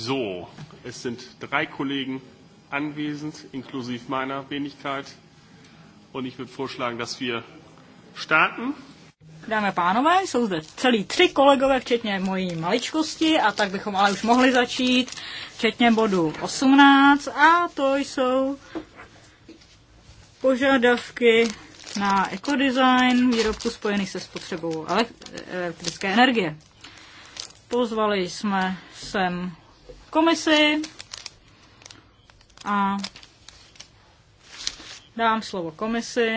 So, es sind drei Kollegen anwesend, inklusive meiner Wenigkeit. Und ich würde vorschlagen, dass wir starten. Dámy a pánové, jsou zde celý tři kolegové, včetně mojí maličkosti, a tak bychom ale už mohli začít, včetně bodu 18, a to jsou požadavky na ekodesign výrobku spojených se spotřebou elektrické energie. Pozvali jsme sem komisi a dám slovo komisi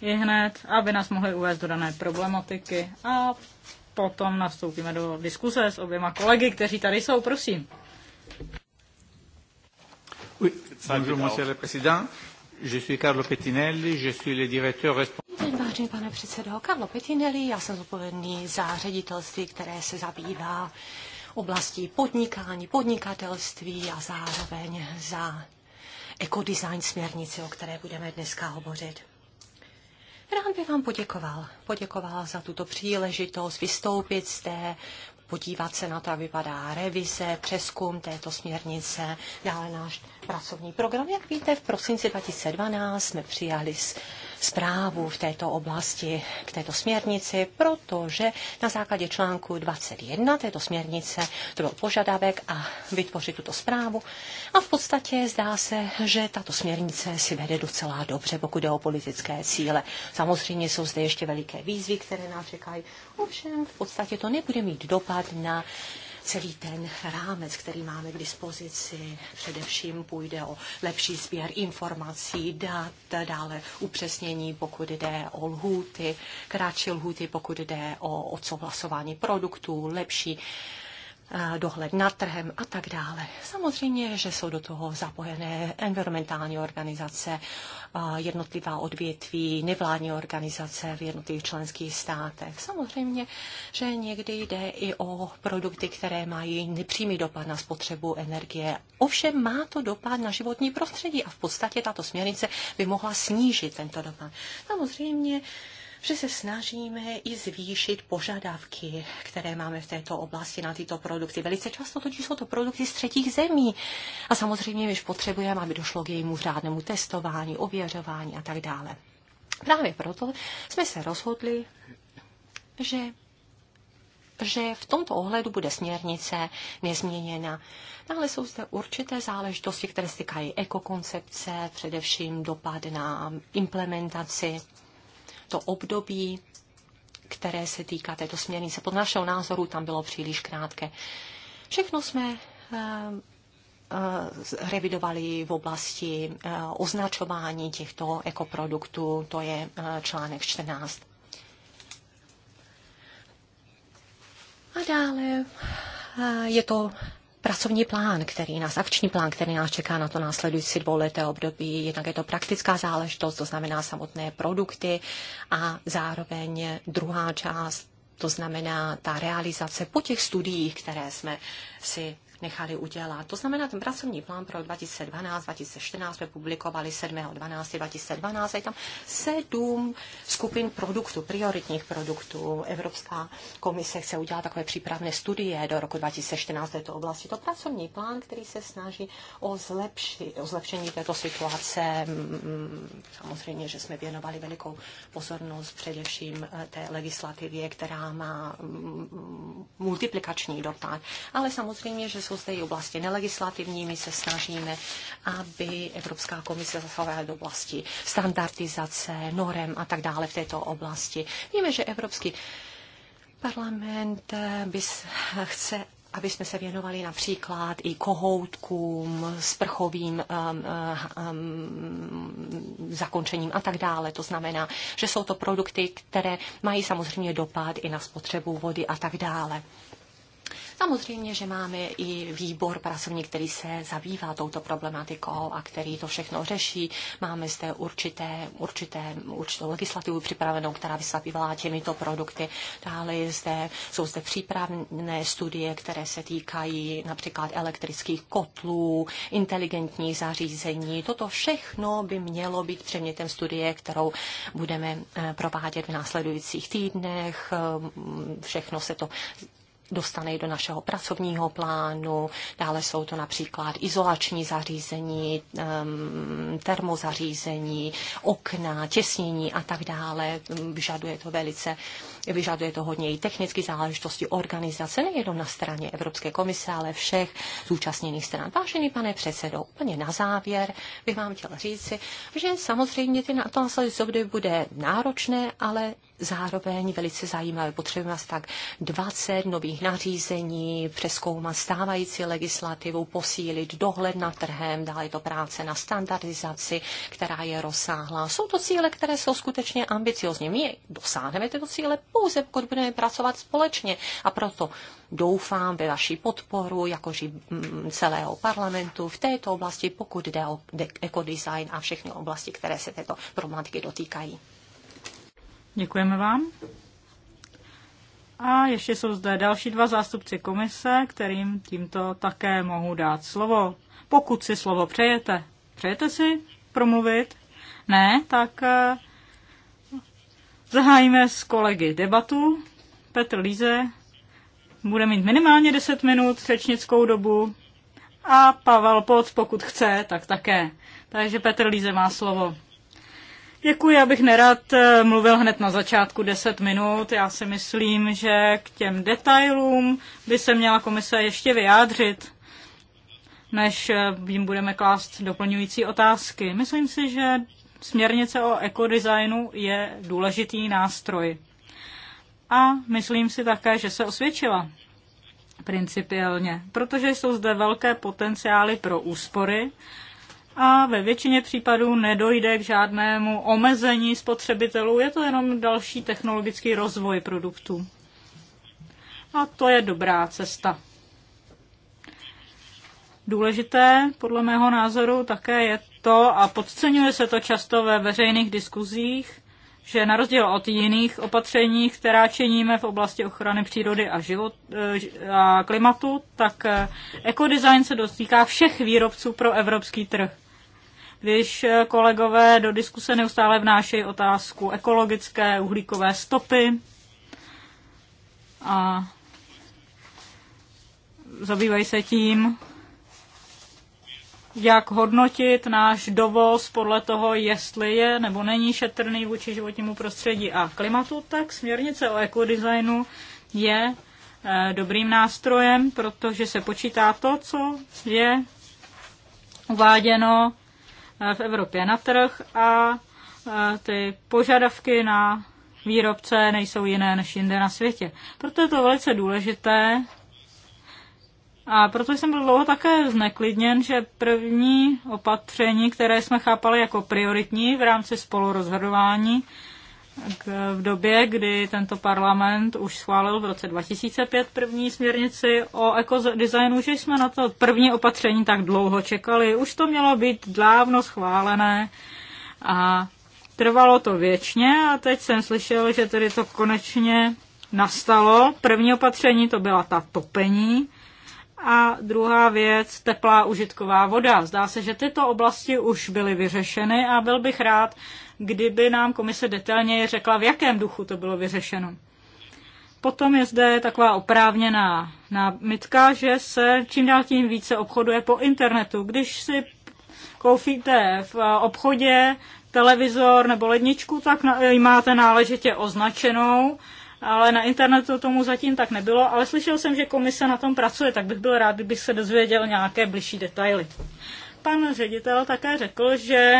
i hned, aby nás mohli uvést do dané problematiky a potom nastoupíme do diskuse s oběma kolegy, kteří tady jsou, prosím. Oui. Bonjour, monsieur le président. Je suis Carlo Pettinelli, je suis le directeur responsable. Vážený pane předsedo, Carlo Petinelli, já jsem zodpovědný za ředitelství, které se zabývá oblasti podnikání, podnikatelství a zároveň za ekodesign směrnici, o které budeme dneska hovořit. Rád bych vám poděkoval. Poděkoval za tuto příležitost vystoupit té podívat se na to, jak vypadá revize, přeskum této směrnice, dále náš pracovní program. Jak víte, v prosinci 2012 jsme přijali zprávu v této oblasti k této směrnici, protože na základě článku 21 této směrnice to byl požadavek a vytvořit tuto zprávu. A v podstatě zdá se, že tato směrnice si vede docela dobře, pokud jde o politické cíle. Samozřejmě jsou zde ještě veliké výzvy, které nás čekají. Ovšem, v podstatě to nebude mít dopad na celý ten rámec, který máme k dispozici. Především půjde o lepší sběr informací, dat, dále upřesnění, pokud jde o lhůty, kratší lhůty, pokud jde o odsouhlasování produktů, lepší eh, dohled nad trhem a tak dále. Samozřejmě, že jsou do toho zapojené environmentální organizace, jednotlivá odvětví, nevládní organizace v jednotlivých členských státech. Samozřejmě, že někdy jde i o produkty, které mají nepřímý dopad na spotřebu energie. Ovšem má to dopad na životní prostředí a v podstatě tato směrnice by mohla snížit tento dopad. Samozřejmě, že se snažíme i zvýšit požadavky, které máme v této oblasti na tyto produkty. Velice často totiž jsou to produkty z třetích zemí. A samozřejmě, když potřebujeme, aby došlo k jejímu řádnému testování, ověření, ověřování a tak dále. Právě proto jsme se rozhodli, že že v tomto ohledu bude směrnice nezměněna. Dále jsou zde určité záležitosti, které se týkají ekokoncepce, především dopad na implementaci, to období, které se týká této směrnice. Pod našeho názoru tam bylo příliš krátké. Všechno jsme eh, Eh, revidovali v oblasti eh, označování těchto ekoproduktů, to je eh, článek 14. A dále je to pracovní plán, který nás, akční plán, který nás čeká na to následující dvouleté období. Jednak je to praktická záležitost, to znamená samotné produkty a zároveň druhá část, to znamená ta realizace po těch studiích, které jsme si nechali udělat. To znamená, ten pracovní plán pro 2012-2014 jsme publikovali 7.12.2012. Je tam sedm skupin produktů, prioritních produktů. Evropská komise chce udělat takové přípravné studie do roku 2014 této oblasti. To pracovní plán, který se snaží o, zlepši, o zlepšení této situace. Mm, samozřejmě, že jsme věnovali velikou pozornost především eh, té legislativě, která má mm, mm, multiplikační dopad. Ale samozřejmě, že jsou jsou zde i oblasti nelegislativní. My se snažíme, aby Evropská komise zasahovala do oblasti standardizace, norem a tak dále v této oblasti. Víme, že Evropský parlament eh, by chce aby jsme se věnovali například i kohoutkům, sprchovým um, um, zakončením a tak dále. To znamená, že jsou to produkty, které mají samozřejmě dopad i na spotřebu vody a tak dále. Samozřejmě, že máme i výbor pracovní, který se zabývá touto problematikou a který to všechno řeší. Máme zde určité, určité, určitou legislativu připravenou, která by se zabývala těmito produkty. Dále je zde, jsou zde přípravné studie, které se týkají například elektrických kotlů, inteligentních zařízení. Toto všechno by mělo být předmětem studie, kterou budeme eh, provádět v následujících týdnech. Eh, všechno se to dostane do našeho pracovního plánu. Dále jsou to například izolační zařízení, termozařízení, okna, těsnění a tak dále. Vyžaduje to velice Vyžaduje to hodně i technické záležitosti organizace, nejenom na straně Evropské komise, ale všech zúčastněných stran. Vážený pane předsedo, úplně na závěr bych vám chtěl říci, že samozřejmě ty na to bude náročné, ale zároveň velice zajímavé. Potřebujeme asi tak 20 nových nařízení, přeskoumat stávající legislativu, posílit dohled nad trhem, dále to práce na standardizaci, která je rozsáhlá. Jsou to cíle, které jsou skutečně ambiciozní. My dosáhneme tyto cíle pouze, pokud budeme pracovat společně. A proto doufám ve vaší podporu, jako i mm, celého parlamentu v této oblasti, pokud jde o ekodesign a všechny oblasti, které se této problematiky dotýkají. Děkujeme vám. A ještě jsou zde další dva zástupci komise, kterým tímto také mohu dát slovo. Pokud si slovo přejete. Přejete si promluvit? Ne? Tak eh, zahájíme s kolegy debatu. Petr Líze bude mít minimálně 10 minut řečnickou dobu a Pavel Poc, pokud chce, tak také. Takže Petr Líze má slovo. Děkuji, abych nerad eh, mluvil hned na začátku 10 minut. Já si myslím, že k těm detailům by se měla komise ještě vyjádřit, než eh, jim budeme klást doplňující otázky. Myslím si, že směrnice o ekodesignu je důležitý nástroj. A myslím si také, že se osvědčila principiálně, protože jsou zde velké potenciály pro úspory a ve většině případů nedojde k žádnému omezení spotřebitelů, je to jenom další technologický rozvoj produktů. A to je dobrá cesta. Důležité, podle mého názoru, také je to, a podceňuje se to často ve veřejných diskuzích, že na rozdíl od jiných opatření, která činíme v oblasti ochrany přírody a, život, eh, a klimatu, tak eh, ekodesign se dotýká všech výrobců pro evropský trh. Když eh, kolegové do diskuse neustále vnášejí otázku ekologické uhlíkové stopy a zabývají se tím, jak hodnotit náš dovoz podle toho, jestli je nebo není šetrný vůči životnímu prostředí a klimatu, tak směrnice o ekodesignu je eh, dobrým nástrojem, protože se počítá to, co je uváděno eh, v Evropě na trh a eh, ty požadavky na výrobce nejsou jiné než jinde na světě. Proto je to velice důležité a proto jsem byl dlouho také zneklidněn, že první opatření, které jsme chápali jako prioritní v rámci spolurozhodování, v době, kdy tento parlament už schválil v roce 2005 první směrnici o ekodesignu, že jsme na to první opatření tak dlouho čekali. Už to mělo být dávno schválené a trvalo to věčně a teď jsem slyšel, že tedy to konečně nastalo. První opatření to byla ta topení, a druhá věc, teplá užitková voda. Zdá se, že tyto oblasti už byly vyřešeny a byl bych rád, kdyby nám komise detailněji řekla, v jakém duchu to bylo vyřešeno. Potom je zde taková oprávněná námitka, že se čím dál tím více obchoduje po internetu. Když si koufíte v obchodě televizor nebo ledničku, tak ji máte náležitě označenou ale na internetu tomu zatím tak nebylo, ale slyšel jsem, že komise na tom pracuje, tak bych byl rád, kdybych se dozvěděl nějaké bližší detaily. Pan ředitel také řekl, že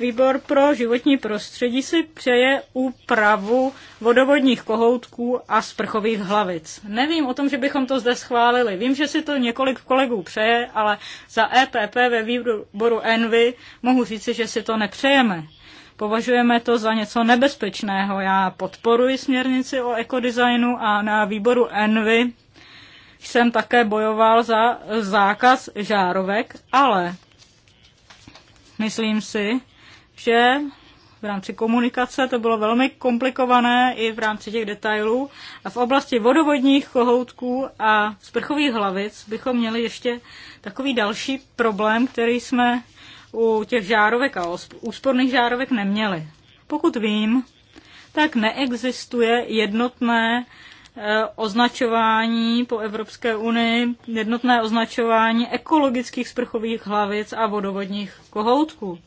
Výbor pro životní prostředí si přeje úpravu vodovodních kohoutků a sprchových hlavic. Nevím o tom, že bychom to zde schválili. Vím, že si to několik kolegů přeje, ale za EPP ve výboru Envy mohu říci, že si to nepřejeme. Považujeme to za něco nebezpečného. Já podporuji směrnici o ekodesignu a na výboru Envy jsem také bojoval za zákaz žárovek, ale myslím si, že v rámci komunikace to bylo velmi komplikované i v rámci těch detailů. A v oblasti vodovodních kohoutků a sprchových hlavic bychom měli ještě takový další problém, který jsme u těch žárovek a úsporných žárovek neměli. Pokud vím, tak neexistuje jednotné eh, označování po Evropské unii, jednotné označování ekologických sprchových hlavic a vodovodních kohoutků.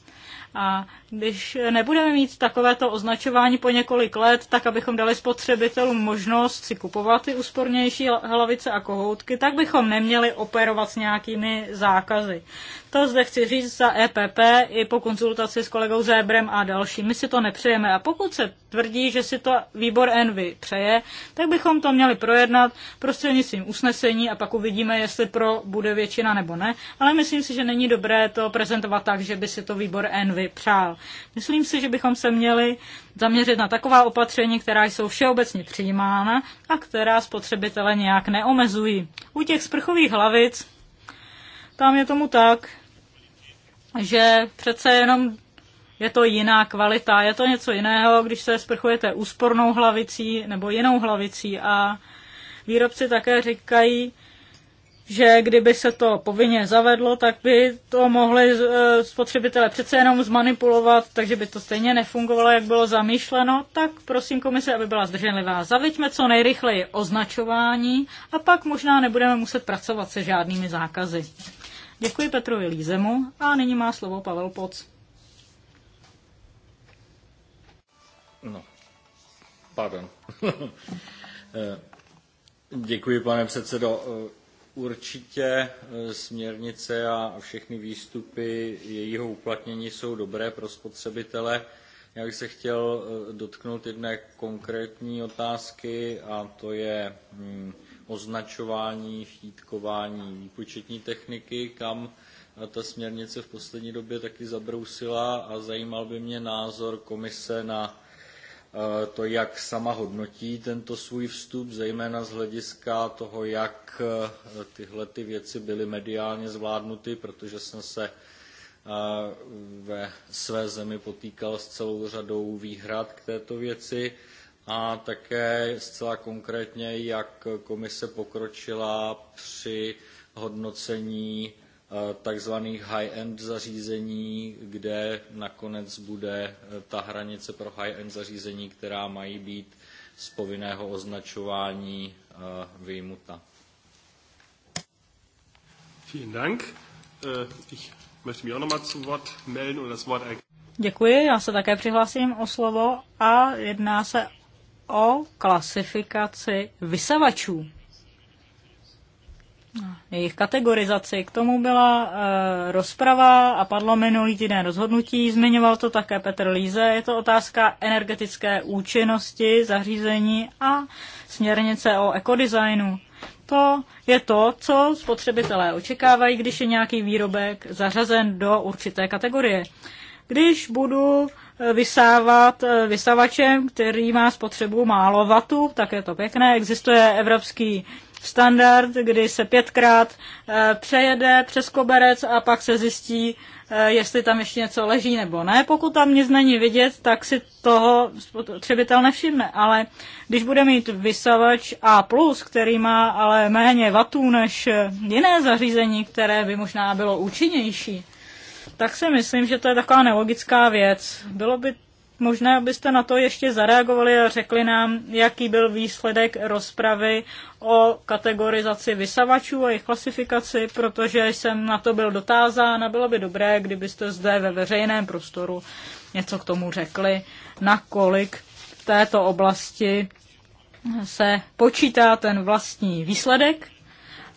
A když nebudeme mít takovéto označování po několik let, tak abychom dali spotřebitelům možnost si kupovat ty úspornější hlavice a kohoutky, tak bychom neměli operovat s nějakými zákazy. To zde chci říct za EPP i po konzultaci s kolegou Zébrem a dalšími si to nepřejeme. A pokud se tvrdí, že si to výbor Envy přeje, tak bychom to měli projednat prostřednictvím usnesení a pak uvidíme, jestli pro bude většina nebo ne. Ale myslím si, že není dobré to prezentovat tak, že by si to výbor Envy přál dál. Myslím si, že bychom se měli zaměřit na taková opatření, která jsou všeobecně přijímána a která spotřebitele nějak neomezují. U těch sprchových hlavic tam je tomu tak, že přece jenom je to jiná kvalita, je to něco jiného, když se sprchujete úspornou hlavicí nebo jinou hlavicí a výrobci také říkají, že kdyby se to povinně zavedlo, tak by to mohli eh, spotřebitele přece jenom zmanipulovat, takže by to stejně nefungovalo, jak bylo zamýšleno, tak prosím komise, aby byla zdrženlivá. Zaveďme co nejrychleji označování a pak možná nebudeme muset pracovat se žádnými zákazy. Děkuji Petrovi Lízemu a nyní má slovo Pavel Poc. No, pardon. Eh, děkuji, pane předsedo. Eh, Určitě e, směrnice a všechny výstupy jejího uplatnění jsou dobré pro spotřebitele. Já bych se chtěl e, dotknout jedné konkrétní otázky a to je mm, označování, štítkování výpočetní techniky, kam e, ta směrnice v poslední době taky zabrousila a zajímal by mě názor komise na Eh, to, jak sama hodnotí tento svůj vstup, zejména z hlediska toho, jak eh, tyhle ty věci byly mediálně zvládnuty, protože jsem se eh, ve své zemi potýkal s celou řadou výhrad k této věci a také zcela konkrétně, jak komise pokročila při hodnocení Eh, takzvaných high-end zařízení, kde nakonec bude eh, ta hranice pro high-end zařízení, která mají být z povinného označování eh, vyjmuta. Vielen Dank. Ich möchte mich auch nochmal zu Wort melden das Wort Děkuji, já se také přihlásím o slovo a jedná se o klasifikaci vysavačů. No. jejich kategorizaci. K tomu byla e, rozprava a padlo minulý týden rozhodnutí. Zmiňoval to také Petr Líze. Je to otázka energetické účinnosti zařízení a směrnice o ekodesignu. To je to, co spotřebitelé očekávají, když je nějaký výrobek zařazen do určité kategorie. Když budu eh, vysávat eh, vysavačem, který má spotřebu málo vatu, tak je to pěkné. Existuje evropský standard, kdy se pětkrát eh, přejede přes koberec a pak se zjistí, eh, jestli tam ještě něco leží nebo ne. Pokud tam nic není vidět, tak si toho spotřebitel nevšimne. Ale když bude mít vysavač A+, který má ale méně vatů než eh, jiné zařízení, které by možná bylo účinnější, tak si myslím, že to je taková nelogická věc. Bylo by Možná byste na to ještě zareagovali a řekli nám, jaký byl výsledek rozpravy o kategorizaci vysavačů a jejich klasifikaci, protože jsem na to byl dotázán a bylo by dobré, kdybyste zde ve veřejném prostoru něco k tomu řekli, nakolik v této oblasti se počítá ten vlastní výsledek,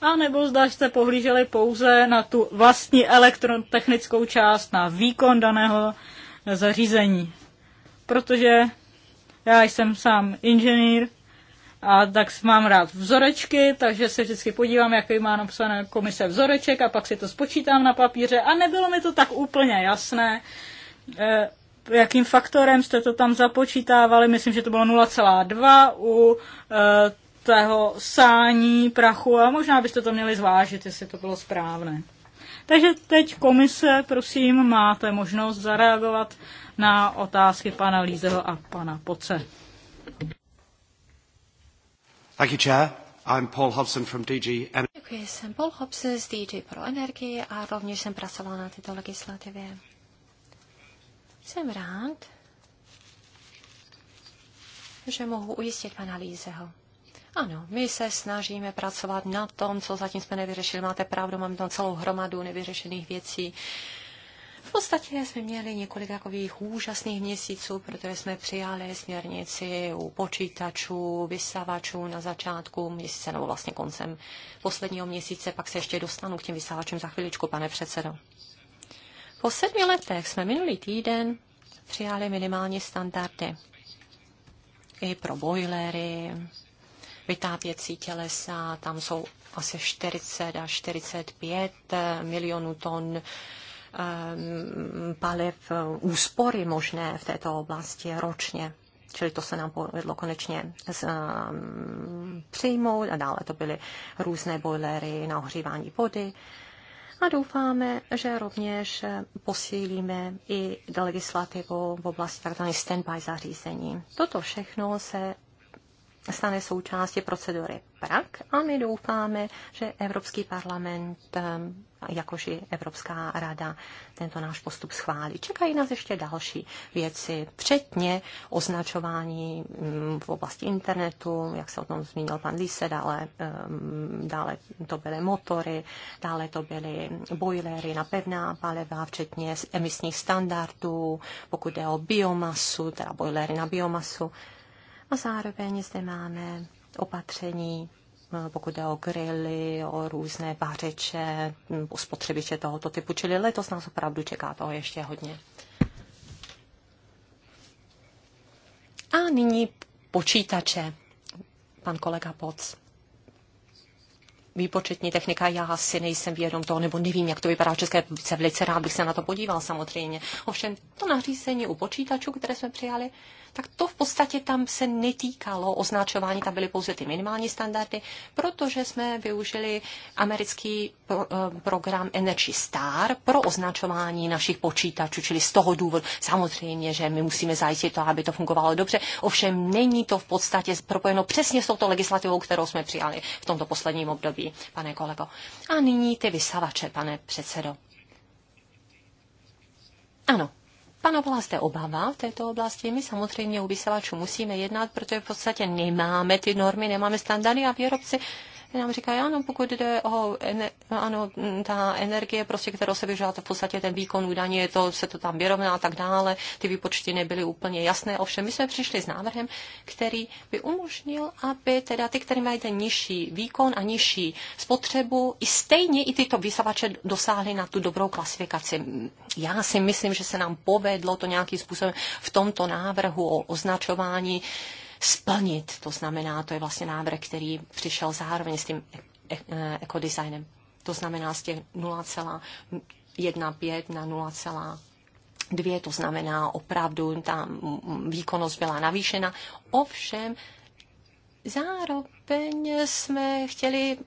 a nebo zda jste pohlíželi pouze na tu vlastní elektrotechnickou část, na výkon daného zařízení protože já jsem sám inženýr a tak mám rád vzorečky, takže se vždycky podívám, jaký má napsané komise vzoreček a pak si to spočítám na papíře a nebylo mi to tak úplně jasné, eh, jakým faktorem jste to tam započítávali, myslím, že to bylo 0,2 u eh, tého sání prachu a možná byste to měli zvážit, jestli to bylo správné. Takže teď komise, prosím, máte možnost zareagovat na otázky pana Lízeho a pana Poce. Thank you, Chair. I'm Paul Hobson from DG Energy. Děkuji, jsem Paul Hobson z DG pro energii a rovněž jsem pracoval na této legislativě. Jsem rád, že mohu ujistit pana Lízeho. Ano, my se snažíme pracovat na tom, co zatím jsme nevyřešili. Máte pravdu, máme tam celou hromadu nevyřešených věcí. Uh, v podstatě jsme měli několik takových úžasných měsíců, protože jsme přijali směrnici u počítačů, vysavačů na začátku měsíce, nebo vlastně koncem posledního měsíce, pak se ještě dostanu k těm vysavačům za chviličku, pane předsedo. Po sedmi letech jsme minulý týden přijali minimální standardy i pro bojlery, vytápěcí tělesa, tam jsou asi 40 až 45 milionů ton Ehm, paliv eh, úspory možné v této oblasti ročně. Čili to se nám povedlo konečně z, ehm, přijmout a dále to byly různé bojlery, na ohřívání vody. A doufáme, že rovněž posílíme i legislativu v oblasti tzv. stand-by zařízení. Toto všechno se stane součástí procedury PRAK a my doufáme, že Evropský parlament, ehm, jakož i Evropská rada, tento náš postup schválí. Čekají nás ještě další věci, včetně označování mm, v oblasti internetu, jak se o tom zmínil pan Lise, dále, ehm, dále to byly motory, dále to byly bojlery na pevná paliva, včetně emisních standardů, pokud jde o biomasu, teda bojlery na biomasu. A zároveň zde máme opatření, eh, pokud jde o grily, o různé vařeče, mm, o spotřebiče tohoto typu. Čili letos nás opravdu čeká toho ještě hodně. A nyní počítače. Pan kolega Poc výpočetní technika, já si nejsem vědom toho, nebo nevím, jak to vypadá v České republice, velice rád bych se na to podíval samozřejmě. Ovšem to nařízení u počítačů, které jsme přijali, tak to v podstatě tam se netýkalo označování, tam byly pouze ty minimální standardy, protože jsme využili americký pro, eh, program Energy Star pro označování našich počítačů, čili z toho důvodu samozřejmě, že my musíme zajistit to, aby to fungovalo dobře, ovšem není to v podstatě propojeno přesně s touto legislativou, kterou jsme přijali v tomto posledním období, pane kolego. A nyní ty vysavače, pane předsedo. Ano, Panovala zde obava v této oblasti. My samozřejmě u vysílačů musíme jednat, protože v podstatě nemáme ty normy, nemáme standardy a výrobci nám říká, ano, pokud jde o, ener, ano, ta energie, prostě, kterou se vyžívá, to v podstatě ten výkon údajně, je to, se to tam vyrovná a tak dále. Ty výpočty nebyly úplně jasné. Ovšem, my jsme přišli s návrhem, který by umožnil, aby teda ty, které mají ten nižší výkon a nižší spotřebu, i stejně i tyto vysavače dosáhly na tu dobrou klasifikaci. Já si myslím, že se nám povedlo to nějakým způsobem v tomto návrhu o označování splnit. To znamená, to je vlastně návrh, který přišel zároveň s tím e- e- e- ekodesignem. To znamená z těch 0,15 na 0, dvě, to znamená opravdu ta výkonnost byla navýšena. Ovšem, zároveň jsme chtěli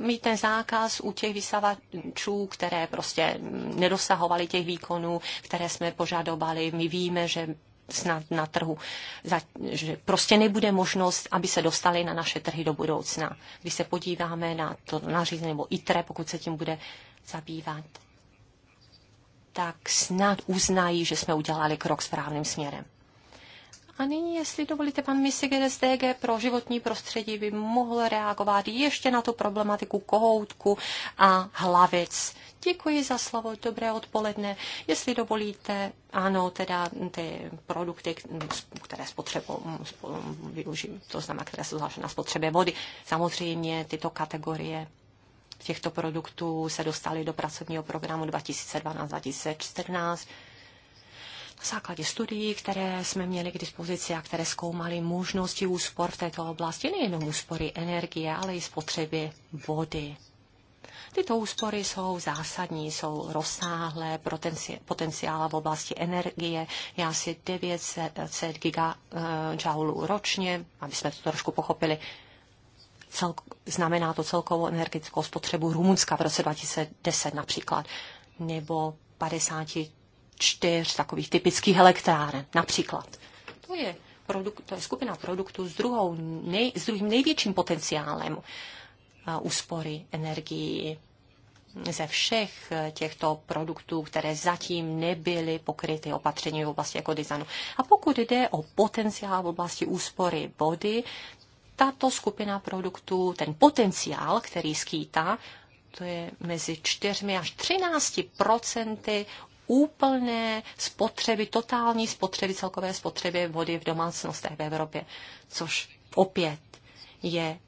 mít ten zákaz u těch vysavačů, které prostě nedosahovaly těch výkonů, které jsme požadovali. My víme, že snad na trhu, že prostě nebude možnost, aby se dostali na naše trhy do budoucna. Když se podíváme na to nařízení nebo ITRE, pokud se tím bude zabývat, tak snad uznají, že jsme udělali krok správným směrem. A nyní, jestli dovolíte, pan Misigede z DG pro životní prostředí by mohl reagovat ještě na tu problematiku kohoutku a hlavic. Děkuji za slovo, dobré odpoledne. Jestli dovolíte, ano, teda ty produkty, které spotřebu, využiju, to znamená, které jsou zvláště na spotřebě vody. Samozřejmě tyto kategorie těchto produktů se dostaly do pracovního programu 2012-2014 na základě studií, které jsme měli k dispozici a které zkoumaly možnosti úspor v této oblasti, nejenom úspory energie, ale i spotřeby vody. Tyto úspory jsou zásadní, jsou rozsáhlé, potenciál v oblasti energie je asi 900 gigajoulů ročně, aby jsme to trošku pochopili. Cel, znamená to celkovou energetickou spotřebu Rumunska v roce 2010 například, nebo 50 čtyř takových typických elektráren například. To je, produk- to je skupina produktů s, druhou, nej, s druhým největším potenciálem uh, úspory energii ze všech uh, těchto produktů, které zatím nebyly pokryty opatření v oblasti designu. A pokud jde o potenciál v oblasti úspory vody, tato skupina produktů, ten potenciál, který skýtá, to je mezi 4 až 13 procenty úplné spotřeby, totální spotřeby, celkové spotřeby vody v domácnostech v Evropě, což opět je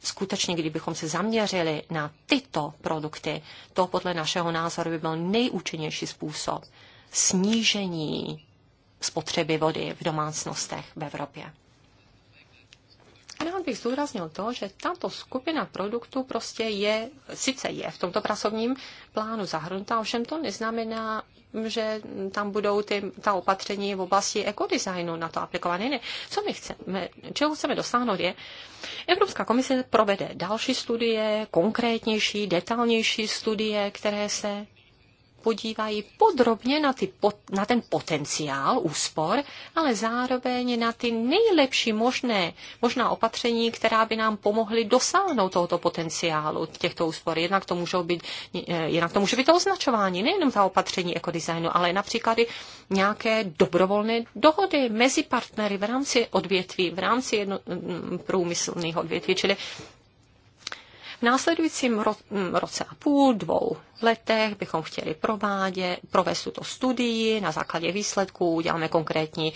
skutečně, kdybychom se zaměřili na tyto produkty, to podle našeho názoru by byl nejúčinnější způsob snížení spotřeby vody v domácnostech v Evropě. Rád bych zdůraznil to, že tato skupina produktů prostě je, sice je v tomto pracovním plánu zahrnutá, ovšem to neznamená, že tam budou ty, ta opatření v oblasti ekodesignu na to aplikované. Ne. Co my chceme, čeho chceme dosáhnout je, Evropská komise provede další studie, konkrétnější, detailnější studie, které se podívají podrobně na, ty, na ten potenciál úspor, ale zároveň na ty nejlepší možné, možná opatření, která by nám pomohly dosáhnout tohoto potenciálu těchto úspor. Jednak to, můžou být, eh, jednak to může být to označování, nejenom ta opatření ekodesignu, ale například i nějaké dobrovolné dohody mezi partnery v rámci odvětví, v rámci jedno, mm, průmyslných odvětví. Čili následujícím ro- roce a půl, dvou letech bychom chtěli provádět, provést tuto studii, na základě výsledků uděláme konkrétní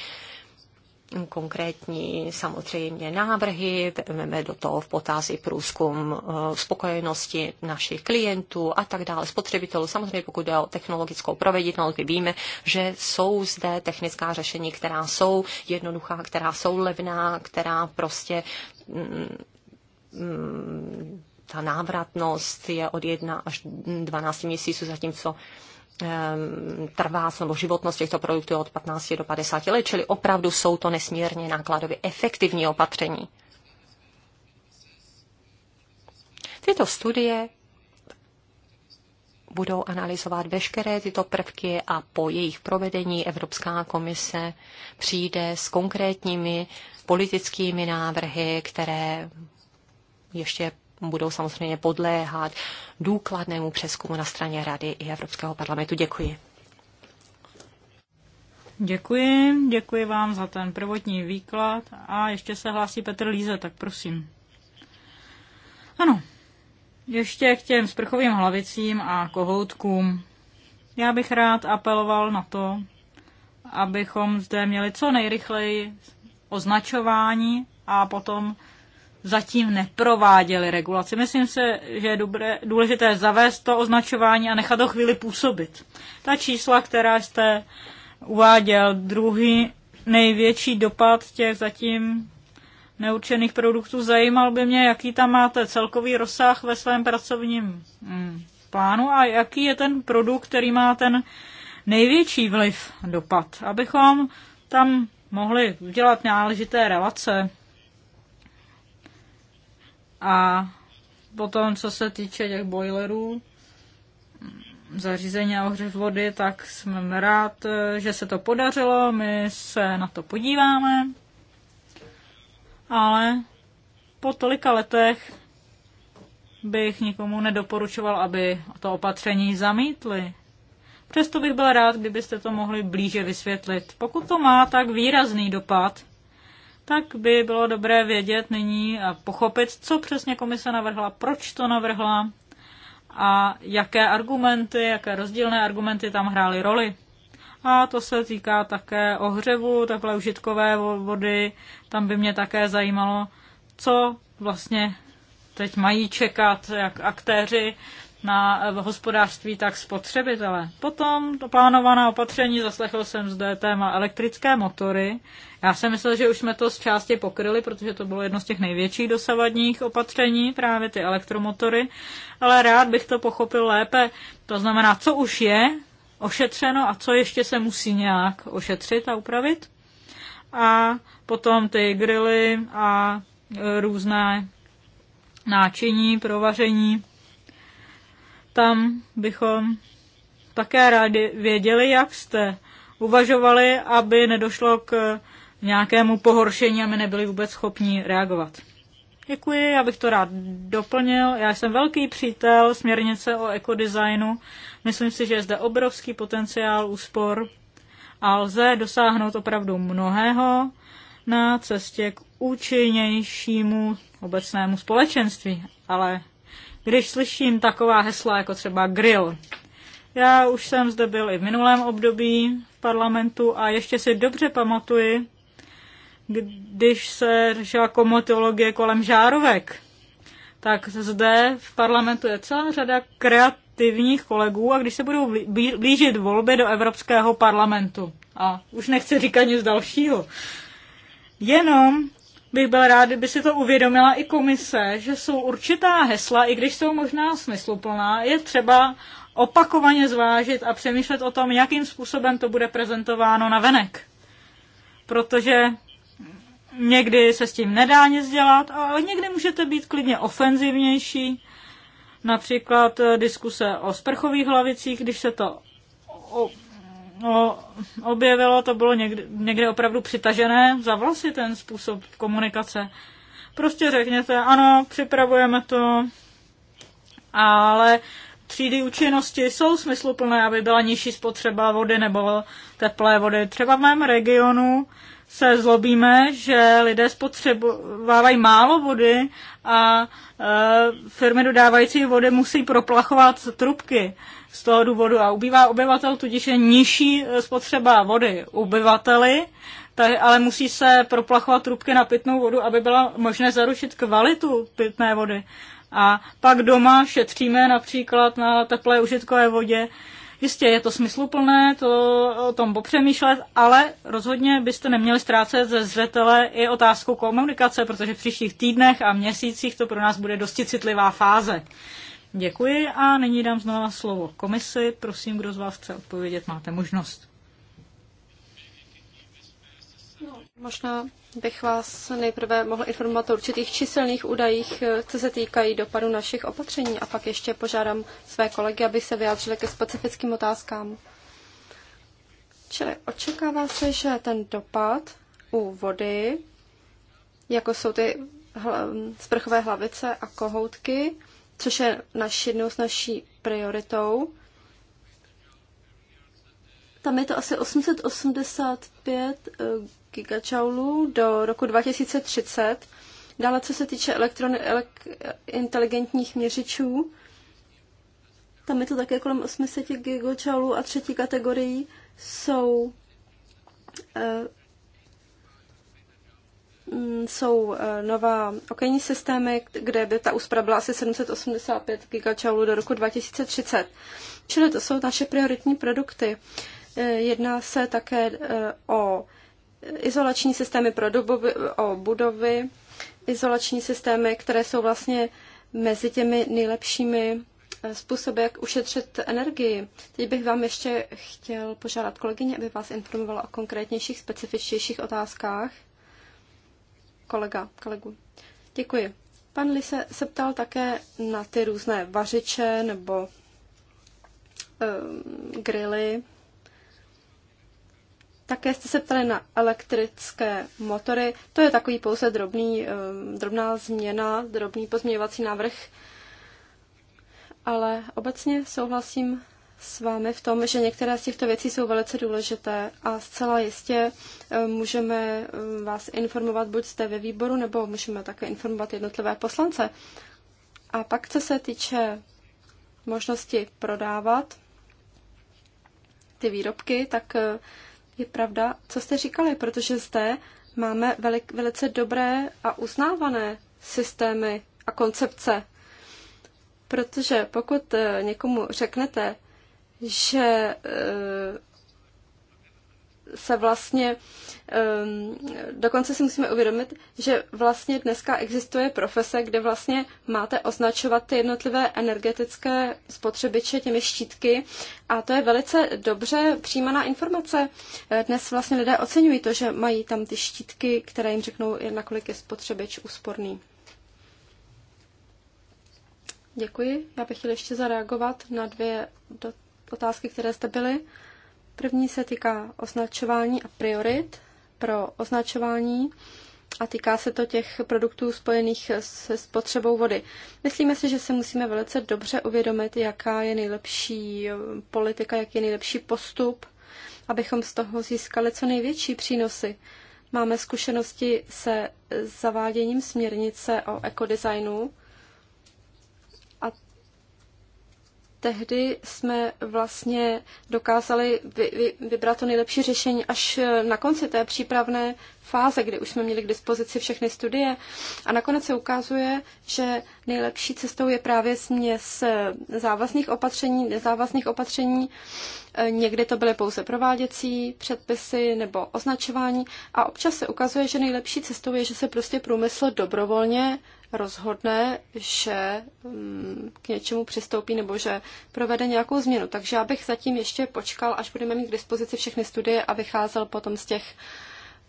konkrétní samozřejmě návrhy, vezmeme do toho v potázi průzkum e, spokojenosti našich klientů a tak dále, spotřebitelů. Samozřejmě pokud jde o technologickou proveditelnost, my víme, že jsou zde technická řešení, která jsou jednoduchá, která jsou levná, která prostě mm, mm, ta návratnost je od 1 až 12 měsíců, zatímco ehm, trvá nebo životnost těchto produktů je od 15 do 50 let, čili opravdu jsou to nesmírně nákladově efektivní opatření. Tyto studie budou analyzovat veškeré tyto prvky a po jejich provedení Evropská komise přijde s konkrétními politickými návrhy, které ještě budou samozřejmě podléhat důkladnému přeskumu na straně Rady i Evropského parlamentu. Děkuji. Děkuji, děkuji vám za ten prvotní výklad a ještě se hlásí Petr Líze, tak prosím. Ano, ještě k těm sprchovým hlavicím a kohoutkům. Já bych rád apeloval na to, abychom zde měli co nejrychleji označování a potom zatím neprováděly regulaci. Myslím se, že je dobré, důležité zavést to označování a nechat to chvíli působit. Ta čísla, která jste uváděl, druhý největší dopad těch zatím neurčených produktů, zajímal by mě, jaký tam máte celkový rozsah ve svém pracovním mm, plánu a jaký je ten produkt, který má ten největší vliv, dopad, abychom tam mohli udělat náležité relace a potom, co se týče těch boilerů, zařízení a ohřev vody, tak jsme rád, eh, že se to podařilo, my se na to podíváme, ale po tolika letech bych nikomu nedoporučoval, aby to opatření zamítli. Přesto bych byl rád, kdybyste to mohli blíže vysvětlit. Pokud to má tak výrazný dopad tak by bylo dobré vědět nyní a pochopit, co přesně komise navrhla, proč to navrhla a jaké argumenty, jaké rozdílné argumenty tam hrály roli. A to se týká také ohřevu, takhle užitkové vody. Tam by mě také zajímalo, co vlastně teď mají čekat, jak aktéři na hospodářství, tak spotřebitele. Potom to plánovaná opatření, zaslechl jsem zde téma elektrické motory. Já jsem myslel, že už jsme to z části pokryli, protože to bylo jedno z těch největších dosavadních opatření, právě ty elektromotory, ale rád bych to pochopil lépe. To znamená, co už je ošetřeno a co ještě se musí nějak ošetřit a upravit. A potom ty grily a e, různé náčiní pro vaření tam bychom také rádi věděli, jak jste uvažovali, aby nedošlo k nějakému pohoršení a my nebyli vůbec schopni reagovat. Děkuji, já bych to rád doplnil. Já jsem velký přítel směrnice o ekodesignu. Myslím si, že je zde obrovský potenciál úspor a lze dosáhnout opravdu mnohého na cestě k účinnějšímu obecnému společenství. Ale když slyším taková hesla jako třeba grill. Já už jsem zde byl i v minulém období v parlamentu a ještě si dobře pamatuji, když se řešila komotologie kolem žárovek, tak zde v parlamentu je celá řada kreativních kolegů a když se budou blížit volby do Evropského parlamentu, a už nechci říkat nic dalšího, jenom bych byl rád, kdyby si to uvědomila i komise, že jsou určitá hesla, i když jsou možná smysluplná, je třeba opakovaně zvážit a přemýšlet o tom, jakým způsobem to bude prezentováno na venek. Protože někdy se s tím nedá nic dělat, ale někdy můžete být klidně ofenzivnější. Například eh, diskuse o sprchových hlavicích, když se to No, objevilo, to bylo někde někde opravdu přitažené za vlasy ten způsob komunikace. Prostě řekněte, ano, připravujeme to, ale třídy účinnosti jsou smysluplné, aby byla nižší spotřeba vody nebo teplé vody. Třeba v mém regionu se zlobíme, že lidé spotřebovávají málo vody a e, firmy dodávající vody musí proplachovat trubky z toho důvodu a ubývá obyvatel, tudíž je nižší e, spotřeba vody obyvateli, tak, ale musí se proplachovat trubky na pitnou vodu, aby byla možné zarušit kvalitu pitné vody. A pak doma šetříme například na teplé užitkové vodě, Jistě je to smysluplné, to o tom popřemýšlet, ale rozhodně byste neměli ztrácet ze zřetele i otázku komunikace, protože v příštích týdnech a měsících to pro nás bude dosti citlivá fáze. Děkuji a nyní dám znovu slovo komisi. Prosím, kdo z vás chce odpovědět, máte možnost. Možná bych vás nejprve mohl informovat o určitých číselných údajích, eh, co se týkají dopadu našich opatření a pak ještě požádám své kolegy, aby se vyjádřili ke specifickým otázkám. Čili očekává se, že ten dopad u vody, jako jsou ty sprchové hlavice a kohoutky, což je naš, jednou z naší prioritou, tam je to asi 885 gigajoulů do roku 2030. Dále, co se týče elektron, elek, inteligentních měřičů, tam je to také kolem 800 gigajoulů a třetí kategorii jsou eh, mm, jsou eh, nová okenní systémy, kde by ta úspora byla asi 785 gigajoulů do roku 2030. Čili to jsou naše prioritní produkty. Eh, jedná se také eh, o izolační systémy pro doby o budovy, izolační systémy, které jsou vlastně mezi těmi nejlepšími eh, způsoby, jak ušetřit energii. Teď bych vám ještě chtěl požádat kolegyně, aby vás informovala o konkrétnějších, specifičtějších otázkách. Kolega, kolegu. Děkuji. Pan Lise se ptal také na ty různé vařiče nebo um, grily, také jste se ptali na elektrické motory. To je takový pouze drobný, eh, drobná změna, drobný pozměňovací návrh. Ale obecně souhlasím s vámi v tom, že některé z těchto věcí jsou velice důležité a zcela jistě eh, můžeme eh, vás informovat buď jste ve výboru, nebo můžeme také informovat jednotlivé poslance. A pak, co se týče možnosti prodávat ty výrobky, tak je pravda, co jste říkali, protože zde máme velik, velice dobré a uznávané systémy a koncepce. Protože pokud eh, někomu řeknete, že eh, se vlastně, dokonce si musíme uvědomit, že vlastně dneska existuje profese, kde vlastně máte označovat ty jednotlivé energetické spotřebiče těmi štítky a to je velice dobře přijímaná informace. Eh, dnes vlastně lidé oceňují to, že mají tam ty štítky, které jim řeknou, nakolik je spotřebič úsporný. Děkuji. Já bych chtěla ještě zareagovat na dvě otázky, které jste byly. První se týká označování a priorit pro označování a týká se to těch produktů spojených se spotřebou vody. Myslíme si, že se musíme velice dobře uvědomit, jaká je nejlepší politika, jaký je nejlepší postup, abychom z toho získali co největší přínosy. Máme zkušenosti se zaváděním směrnice o ekodesignu, tehdy jsme vlastně dokázali vy, vy, vybrat to nejlepší řešení až eh, na konci té přípravné fáze, kdy už jsme měli k dispozici všechny studie. A nakonec se ukazuje, že nejlepší cestou je právě směs eh, závazných opatření, nezávazných opatření. Eh, někdy to byly pouze prováděcí předpisy nebo označování. A občas se ukazuje, že nejlepší cestou je, že se prostě průmysl dobrovolně rozhodne, že mm, k něčemu přistoupí nebo že provede nějakou změnu. Takže já bych zatím ještě počkal, až budeme mít k dispozici všechny studie a vycházel potom z těch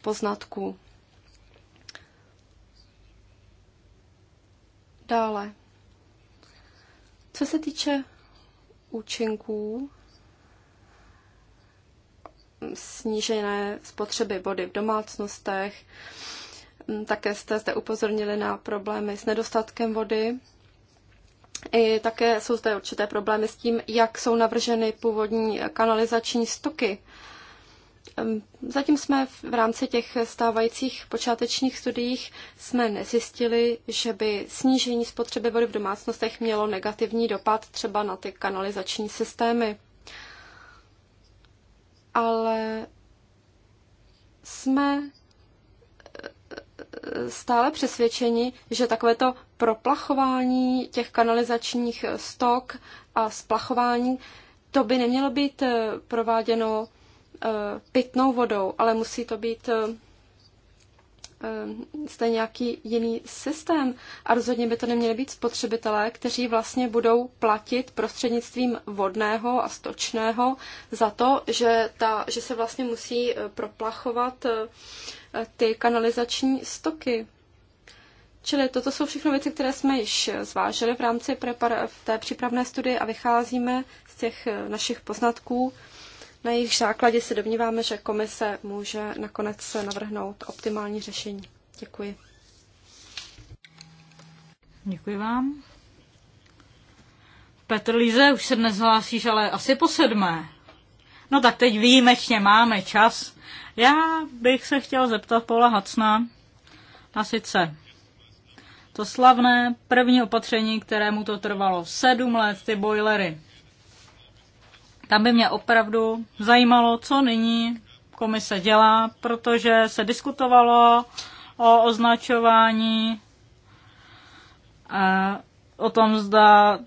poznatků. Dále. Co se týče účinků snížené spotřeby vody v domácnostech, Mm, také jste zde upozornili na problémy s nedostatkem vody. I také jsou zde určité problémy s tím, jak jsou navrženy původní kanalizační stoky. Zatím jsme v rámci těch stávajících počátečních studiích jsme nezjistili, že by snížení spotřeby vody v domácnostech mělo negativní dopad třeba na ty kanalizační systémy. Ale jsme stále přesvědčeni, že takovéto proplachování těch kanalizačních stok a splachování, to by nemělo být eh, prováděno eh, pitnou vodou, ale musí to být eh, jste eh, nějaký jiný systém a rozhodně by to neměly být spotřebitelé, kteří vlastně budou platit prostřednictvím vodného a stočného za to, že, ta, že se vlastně musí eh, proplachovat eh, ty kanalizační stoky. Čili toto jsou všechno věci, které jsme již zvážili v rámci prepar- v té přípravné studie a vycházíme z těch našich poznatků na jejich základě se domníváme, že komise může nakonec navrhnout optimální řešení. Děkuji. Děkuji vám. Petr Líze, už se dnes hlásíš, ale asi po sedmé. No tak teď výjimečně máme čas. Já bych se chtěl zeptat Paula Hacna, na sice to slavné první opatření, kterému to trvalo sedm let, ty bojlery. Tam by mě opravdu zajímalo, co nyní komise dělá, protože se diskutovalo o označování, eh, o tom, zda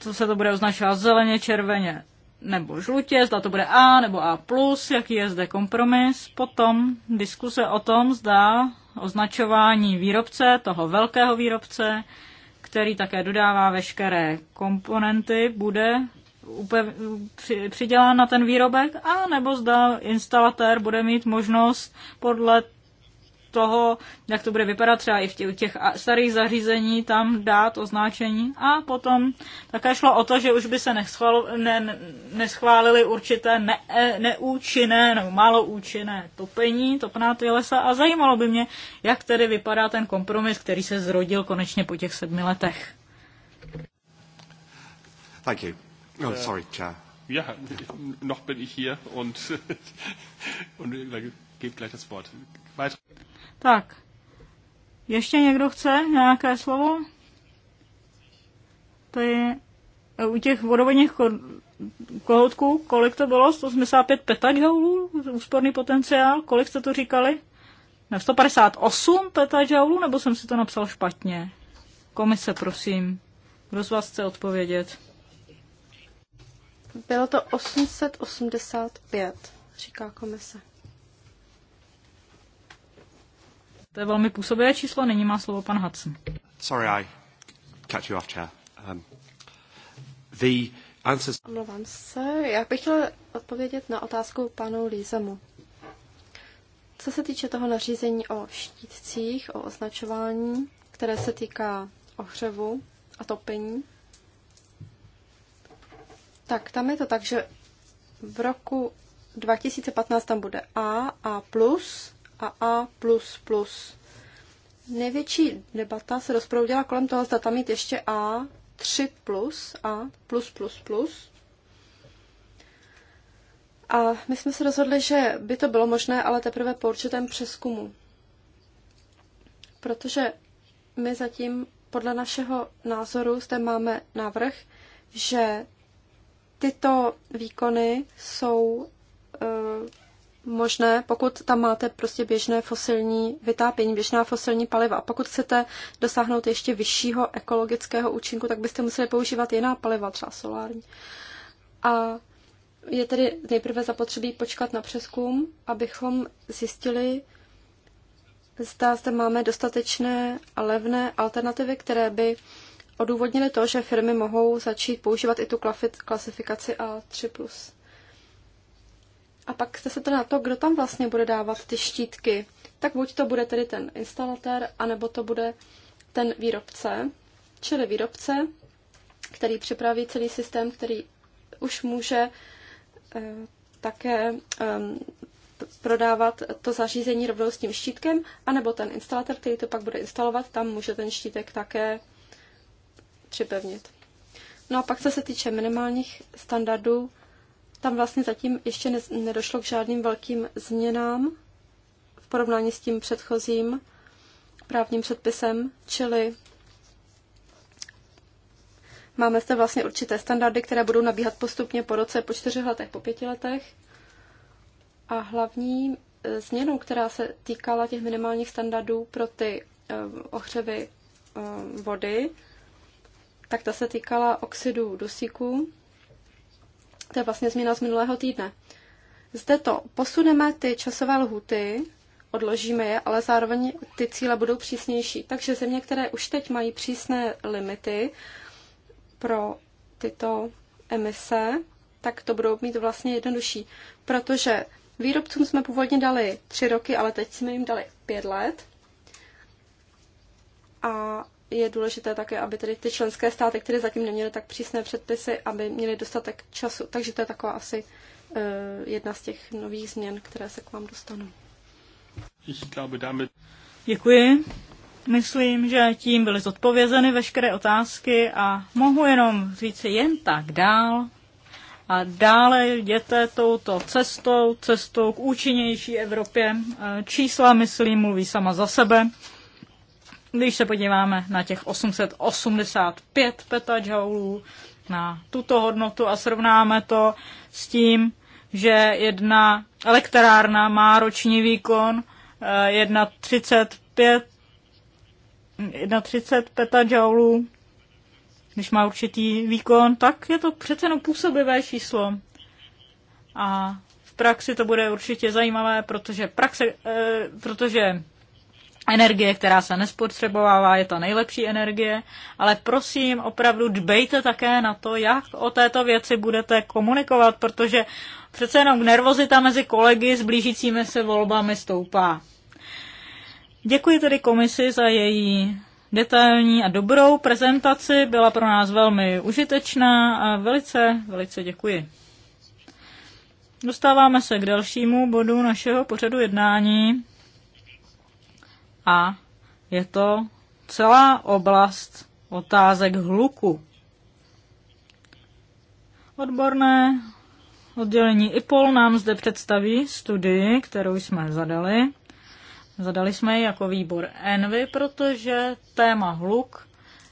co se to bude označovat zeleně, červeně nebo žlutě, zda to bude A nebo A+, jaký je zde kompromis. Potom diskuse o tom, zda označování výrobce, toho velkého výrobce, který také dodává veškeré komponenty, bude přidělán na ten výrobek, a nebo zda instalatér bude mít možnost podle toho, jak to bude vypadat třeba i v těch, těch starých zařízení, tam dát označení. A potom také šlo o to, že už by se neschvál, ne, neschválili určité ne, e, neúčinné nebo málo účinné topení, topná ty lesa a zajímalo by mě, jak tedy vypadá ten kompromis, který se zrodil konečně po těch sedmi letech. Thank you. Oh, äh, sorry, Chair. Ja, noch bin ich hier und, und gebe gleich das Wort. Weiter. Tak. Ještě někdo chce nějaké slovo? To je eh, u těch vodovodních kohoutků, kolik to bylo? 185 petajoulů úsporný potenciál? Kolik jste to říkali? Ne, 158 petajoulů, nebo jsem si to napsal špatně? Komise, prosím. Kdo z vás chce odpovědět? Bylo to 885, říká komise. To je velmi působivé číslo, nyní má slovo pan Hudson. Sorry, I catch you off chair. Um, the answers... Omlouvám se, já bych chtěla odpovědět na otázku panu Lízemu. Co se týče toho nařízení o štítcích, o označování, které se týká ohřevu a topení, tak tam je to tak, že v roku 2015 tam bude A, A+, plus a A++. plus. Největší debata se rozproudila kolem toho, zda tam mít ještě A, 3 plus, A++. Plus, plus, plus. A my jsme se rozhodli, že by to bylo možné, ale teprve po určitém přeskumu. Protože my zatím podle našeho názoru zde máme návrh, že Tyto výkony jsou eh, možné, pokud tam máte prostě běžné fosilní vytápění, běžná fosilní paliva. A pokud chcete dosáhnout ještě vyššího ekologického účinku, tak byste museli používat jiná paliva, třeba solární. A je tedy nejprve zapotřebí počkat na přeskum, abychom zjistili, zda zde máme dostatečné a levné alternativy, které by odůvodnili to, že firmy mohou začít používat i tu klasifikaci A3+. A pak jste se to na to, kdo tam vlastně bude dávat ty štítky. Tak buď to bude tedy ten instalatér, anebo to bude ten výrobce, čili výrobce, který připraví celý systém, který už může eh, také ehm, prodávat to zařízení rovnou s tím štítkem, anebo ten instalátor, který to pak bude instalovat, tam může ten štítek také připevnit. No a pak, co se týče minimálních standardů, tam vlastně zatím ještě ne, nedošlo k žádným velkým změnám v porovnání s tím předchozím právním předpisem, čili máme zde vlastně určité standardy, které budou nabíhat postupně po roce, po čtyřech letech, po pěti letech. A hlavní e, změnou, která se týkala těch minimálních standardů pro ty e, ohřevy e, vody, tak ta se týkala oxidu dusíku. To je vlastně změna z minulého týdne. Zde to posuneme ty časové lhuty, odložíme je, ale zároveň ty cíle budou přísnější. Takže země, které už teď mají přísné limity pro tyto emise, tak to budou mít vlastně jednodušší, protože výrobcům jsme původně dali tři roky, ale teď jsme jim dali pět let. A je důležité také, aby tedy ty členské státy, které zatím neměly tak přísné předpisy, aby měly dostatek času. Takže to je taková asi eh, jedna z těch nových změn, které se k vám dostanou. Děkuji. Myslím, že tím byly zodpovězeny veškeré otázky a mohu jenom říct jen tak dál. A dále jděte touto cestou, cestou k účinnější Evropě. Eh, čísla, myslím, mluví sama za sebe. Když se podíváme na těch 885 petajoulů, na tuto hodnotu a srovnáme to s tím, že jedna elektrárna má roční výkon 1,35 eh, petajoulů, když má určitý výkon, tak je to přece jenom působivé číslo. A v praxi to bude určitě zajímavé, protože, praxe, e, protože Energie, která se nespotřebovává, je to nejlepší energie, ale prosím, opravdu dbejte také na to, jak o této věci budete komunikovat, protože přece jenom nervozita mezi kolegy s blížícími se volbami stoupá. Děkuji tedy komisi za její detailní a dobrou prezentaci, byla pro nás velmi užitečná a velice, velice děkuji. Dostáváme se k dalšímu bodu našeho pořadu jednání a je to celá oblast otázek hluku. Odborné oddělení IPOL nám zde představí studii, kterou jsme zadali. Zadali jsme ji jako výbor ENVY, protože téma hluk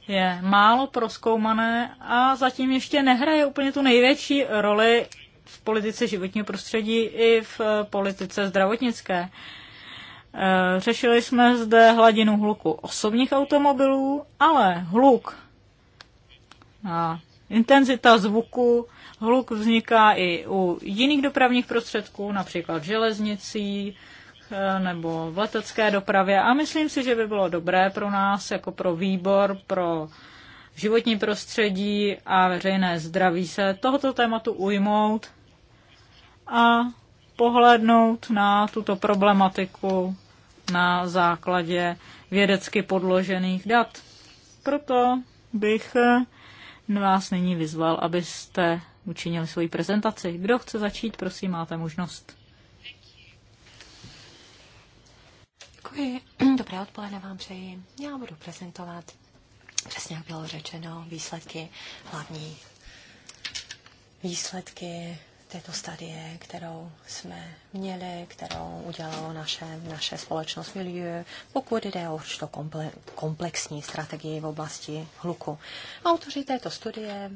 je málo proskoumané a zatím ještě nehraje úplně tu největší roli v politice životního prostředí i v politice zdravotnické. Eh, řešili jsme zde hladinu hluku osobních automobilů, ale hluk a intenzita zvuku, hluk vzniká i u jiných dopravních prostředků, například železnicí eh, nebo v letecké dopravě. A myslím si, že by bylo dobré pro nás, jako pro výbor, pro životní prostředí a veřejné zdraví se tohoto tématu ujmout a pohlednout na tuto problematiku na základě vědecky podložených dat. Proto bych eh, vás nyní vyzval, abyste učinili svoji prezentaci. Kdo chce začít, prosím, máte možnost. Děkuji. Dobré odpoledne vám přeji. Já budu prezentovat, přesně jak bylo řečeno, výsledky hlavní výsledky této studie, kterou jsme měli, kterou udělalo naše, naše společnost Milieu, pokud jde o určitou komple, komplexní strategii v oblasti hluku. Autoři této studie,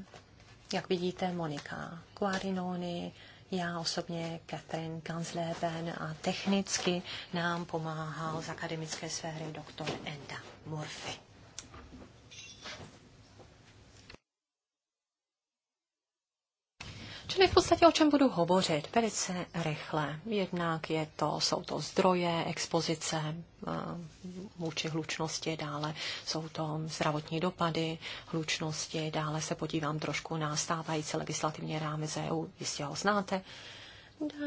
jak vidíte, Monika Guarinoni, já osobně Catherine Kanzleben a technicky nám pomáhal z akademické sféry doktor Enda Murphy. Čili v podstatě o čem budu hovořit velice rychle. Jednak je to, jsou to zdroje, expozice vůči hlučnosti, dále jsou to zdravotní dopady hlučnosti, dále se podívám trošku na stávající legislativní z EU, jistě ho znáte.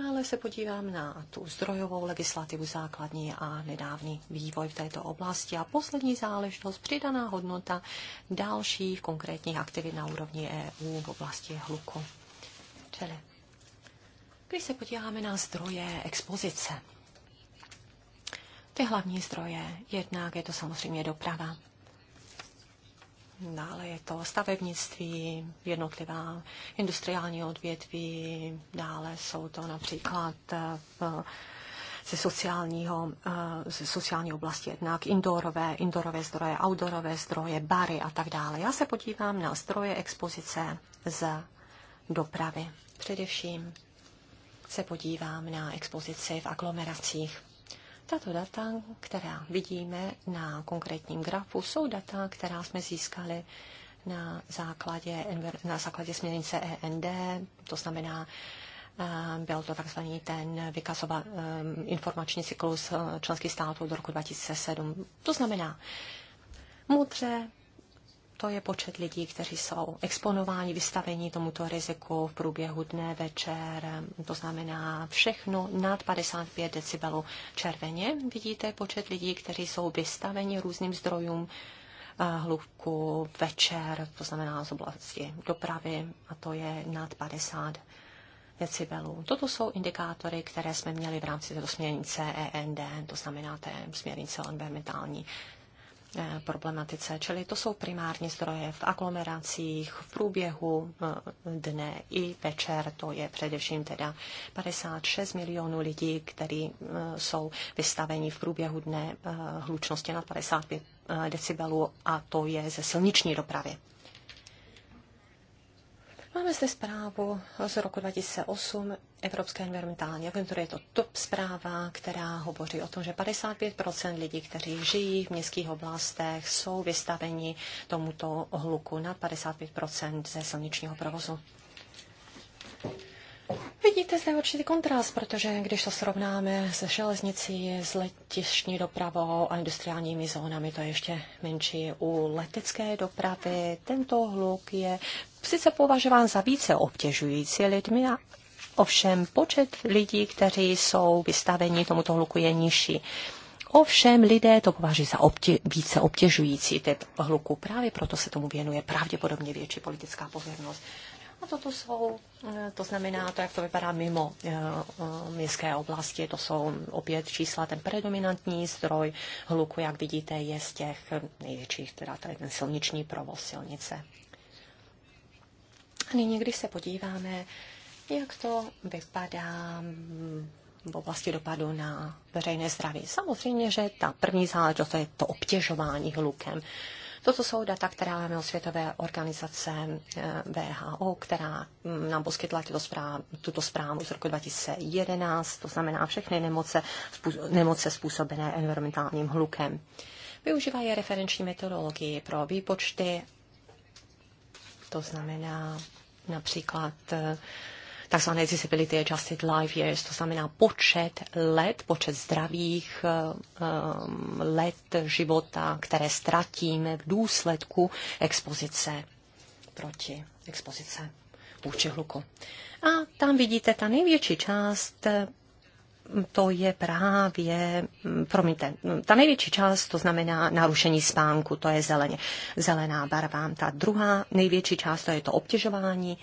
Dále se podívám na tu zdrojovou legislativu základní a nedávný vývoj v této oblasti a poslední záležitost, přidaná hodnota dalších konkrétních aktivit na úrovni EU v oblasti hluku. Čili když se podíváme na zdroje expozice, ty hlavní zdroje, jednak je to samozřejmě doprava, dále je to stavebnictví, jednotlivá industriální odvětví, dále jsou to například eh, ze sociálního, eh, ze sociální oblasti jednak indoorové, indoorové zdroje, outdoorové zdroje, bary a tak dále. Já se podívám na zdroje expozice z dopravy. Především se podívám na expozici v aglomeracích. Tato data, která vidíme na konkrétním grafu, jsou data, která jsme získali na základě, na základě směrnice END, to znamená, eh, byl to takzvaný ten vykazova, eh, informační cyklus eh, členských států do roku 2007. To znamená, modře to je počet lidí, kteří jsou exponováni, vystavení tomuto riziku v průběhu dne, večer, to znamená všechno nad 55 decibelů červeně. Vidíte počet lidí, kteří jsou vystaveni různým zdrojům eh, hluku večer, to znamená z oblasti dopravy, a to je nad 50 decibelů. Toto jsou indikátory, které jsme měli v rámci této směrnice END, to znamená té směrnice o environmentální Eh, problematice. Čili to jsou primární zdroje v aglomeracích, v průběhu eh, dne i večer. To je především teda 56 milionů lidí, kteří eh, jsou vystaveni v průběhu dne hlučnosti na 55 decibelů a to je ze silniční dopravy. Máme zde zprávu z roku 2008 Evropské environmentální agentury. Je to top zpráva, která hovoří o tom, že 55 lidí, kteří žijí v městských oblastech, jsou vystaveni tomuto hluku na 55 ze silničního provozu. Vidíte zde určitý kontrast, protože když to srovnáme se železnicí, s letišní dopravou a industriálními zónami, to je ještě menší. U letecké dopravy tento hluk je sice považován za více obtěžující lidmi, a ovšem počet lidí, kteří jsou vystaveni tomuto hluku, je nižší. Ovšem lidé to považují za obtě, více obtěžující typ hluku. Právě proto se tomu věnuje pravděpodobně větší politická pověrnost. A toto jsou, eh, to znamená to, jak to vypadá mimo eh, eh, městské oblasti, to jsou opět čísla, ten predominantní zdroj hluku, jak vidíte, je z těch největších, teda ten silniční provoz silnice. A nyní, když se podíváme, jak to vypadá mm, v oblasti dopadu na veřejné zdraví. Samozřejmě, že ta první záležitost je to obtěžování hlukem. Toto jsou data, která máme od Světové organizace eh, VHO, která mm, nám poskytla tuto zprávu, tuto zprávu z roku 2011, to znamená všechny nemoce, nemoce způsobené environmentálním hlukem. Využívají referenční metodologii pro výpočty, to znamená například eh, takzvané disability adjusted life years, to znamená počet let, počet zdravých eh, eh, let života, které ztratíme v důsledku expozice proti expozice vůči hluku. A tam vidíte ta největší část eh, to je právě, hm, promiňte, hm, ta největší část, to znamená narušení spánku, to je zeleně, zelená barva. Ta druhá největší část, to je to obtěžování.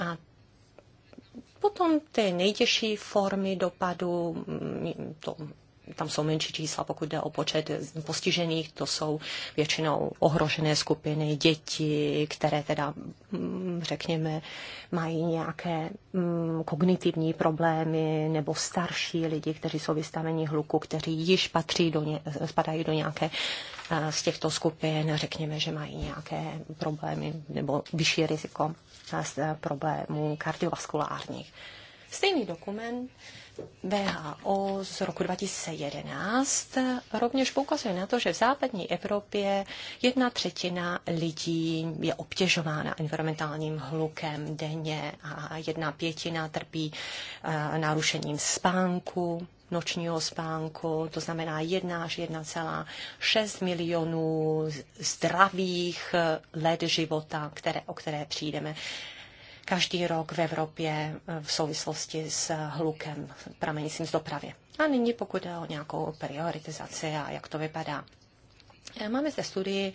A Potom ty nejtěžší formy dopadu, mm, to, tam jsou menší čísla, pokud jde o počet postižených, to jsou většinou ohrožené skupiny, děti, které teda, mm, řekněme, mají nějaké mm, kognitivní problémy, nebo starší lidi, kteří jsou vystaveni hluku, kteří již patří do ně, spadají do nějaké eh, z těchto skupin, řekněme, že mají nějaké problémy nebo vyšší riziko z eh, problémů kardiovaskulárních. Stejný dokument VHO z roku 2011 eh, rovněž poukazuje na to, že v západní Evropě jedna třetina lidí je obtěžována environmentálním hlukem denně a jedna pětina trpí uh, narušením spánku nočního spánku, to znamená 1 až 1,6 milionů zdravých eh, let života, které, o které přijdeme každý rok v Evropě eh, v souvislosti s eh, hlukem pramenícím z dopravy. A nyní pokud je o nějakou prioritizaci a jak to vypadá. Máme zde studii,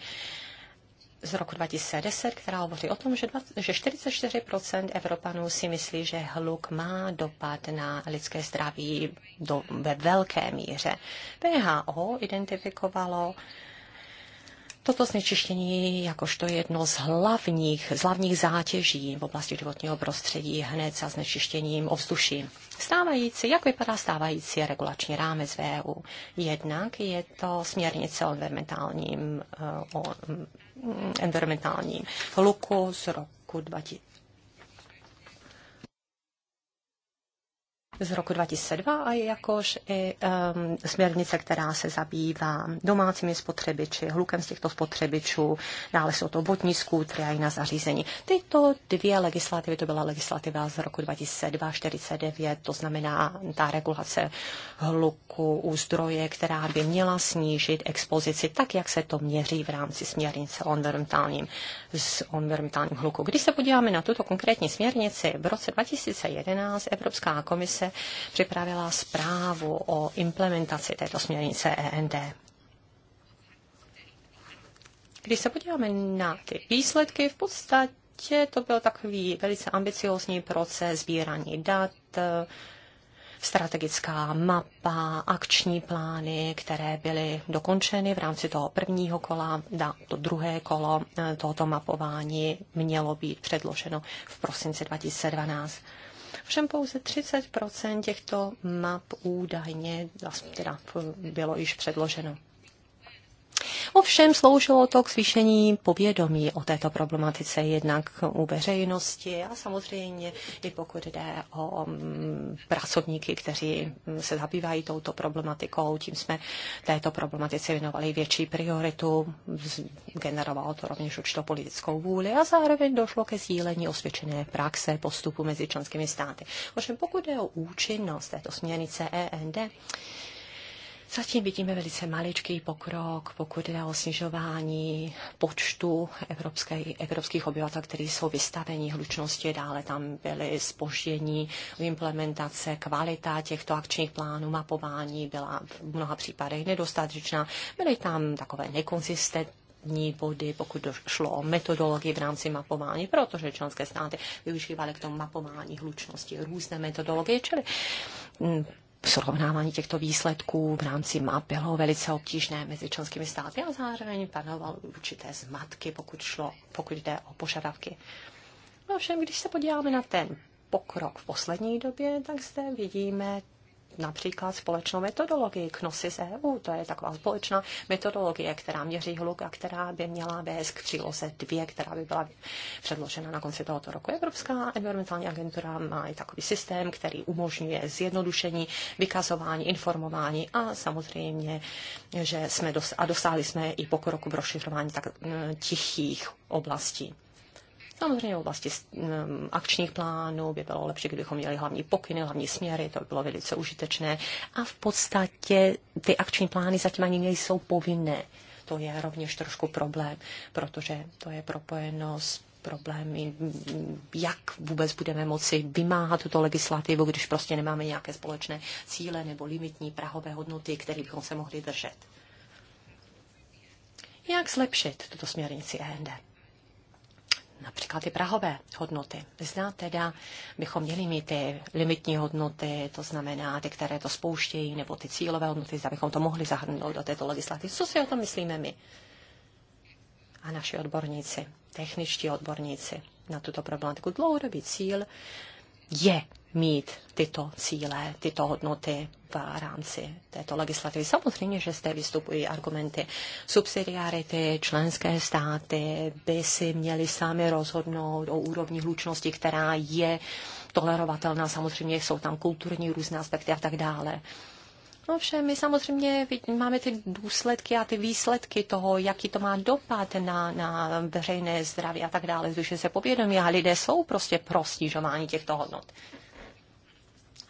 z roku 2010, která hovoří o tom, že, 20, že 44% Evropanů si myslí, že hluk má dopad na lidské zdraví do, ve velké míře. PHO identifikovalo toto znečištění jakožto jedno z hlavních, z hlavních zátěží v oblasti životního prostředí hned za znečištěním ovzduší. Stávající, jak vypadá stávající regulační rámec VEU? Jednak je to směrnice o environmentálním eh, o Mm, environmentálním hluku z roku 2000 z roku 2002 a jakož i um, směrnice, která se zabývá domácími spotřebiči, hlukem z těchto spotřebičů, dále jsou to vodní skútry a jiná zařízení. Tyto dvě legislativy, to byla legislativa z roku 2002, 49, to znamená ta regulace hluku u zdroje, která by měla snížit expozici, tak jak se to měří v rámci směrnice o environmentálním, s environmentálním hluku. Když se podíváme na tuto konkrétní směrnici, v roce 2011 Evropská komise připravila zprávu o implementaci této směrnice END. Když se podíváme na ty výsledky, v podstatě to byl takový velice ambiciózní proces sbírání dat, strategická mapa, akční plány, které byly dokončeny v rámci toho prvního kola. To druhé kolo eh, tohoto mapování mělo být předloženo v prosinci 2012. Ovšem pouze 30 těchto map údajně vlastně teda bylo již předloženo. Ovšem sloužilo to k zvýšení povědomí o této problematice jednak u veřejnosti a samozřejmě i pokud jde o mm, pracovníky, kteří mm, se zabývají touto problematikou, tím jsme této problematice věnovali větší prioritu, generovalo to rovněž určitou politickou vůli a zároveň došlo ke sdílení osvědčené praxe postupu mezi členskými státy. Ovšem pokud jde o účinnost této směrnice END, Zatím vidíme velice maličký pokrok, pokud jde o snižování počtu evropských obyvatel, kteří jsou vystaveni hlučnosti. Dále tam byly spoždění implementace, kvalita těchto akčních plánů, mapování byla v mnoha případech nedostatečná. Byly tam takové nekonzistentní body, pokud šlo o metodologii v rámci mapování, protože členské státy využívaly k tomu mapování hlučnosti různé metodologie, čili mm, srovnávání těchto výsledků v rámci MAP bylo velice obtížné mezi členskými státy a zároveň panoval určité zmatky, pokud, šlo, pokud jde o požadavky. Ovšem, no, když se podíváme na ten pokrok v poslední době, tak zde vidíme například společnou metodologii KNOSIS EU. To je taková společná metodologie, která měří hluk a která by měla vést k příloze 2, která by byla předložena na konci tohoto roku. Evropská environmentální agentura má i takový systém, který umožňuje zjednodušení, vykazování, informování a samozřejmě, že jsme dos- a dosáhli jsme i pokroku v rozšiřování tak tichých oblastí. Samozřejmě v oblasti akčních plánů by bylo lepší, kdybychom měli hlavní pokyny, hlavní směry, to by bylo velice užitečné. A v podstatě ty akční plány zatím ani nejsou povinné. To je rovněž trošku problém, protože to je propojeno s problémy, jak vůbec budeme moci vymáhat tuto legislativu, když prostě nemáme nějaké společné cíle nebo limitní prahové hodnoty, které bychom se mohli držet. Jak zlepšit tuto směrnici END? například ty prahové hodnoty. Zda teda bychom měli mít ty limitní hodnoty, to znamená ty, které to spouštějí, nebo ty cílové hodnoty, zda bychom to mohli zahrnout do této legislativy. Co si o tom myslíme my? A naši odborníci, techničtí odborníci na tuto problematiku. Dlouhodobý cíl je mít tyto cíle, tyto hodnoty v rámci této legislativy. Samozřejmě, že zde vystupují argumenty subsidiarity, členské státy by si měli sami rozhodnout o úrovni hlučnosti, která je tolerovatelná. Samozřejmě jsou tam kulturní různé aspekty a tak dále. No, vše, my samozřejmě máme ty důsledky a ty výsledky toho, jaký to má dopad na, na veřejné zdraví a tak dále, zvyšuje se povědomí a lidé jsou prostě že prostižováni těchto hodnot.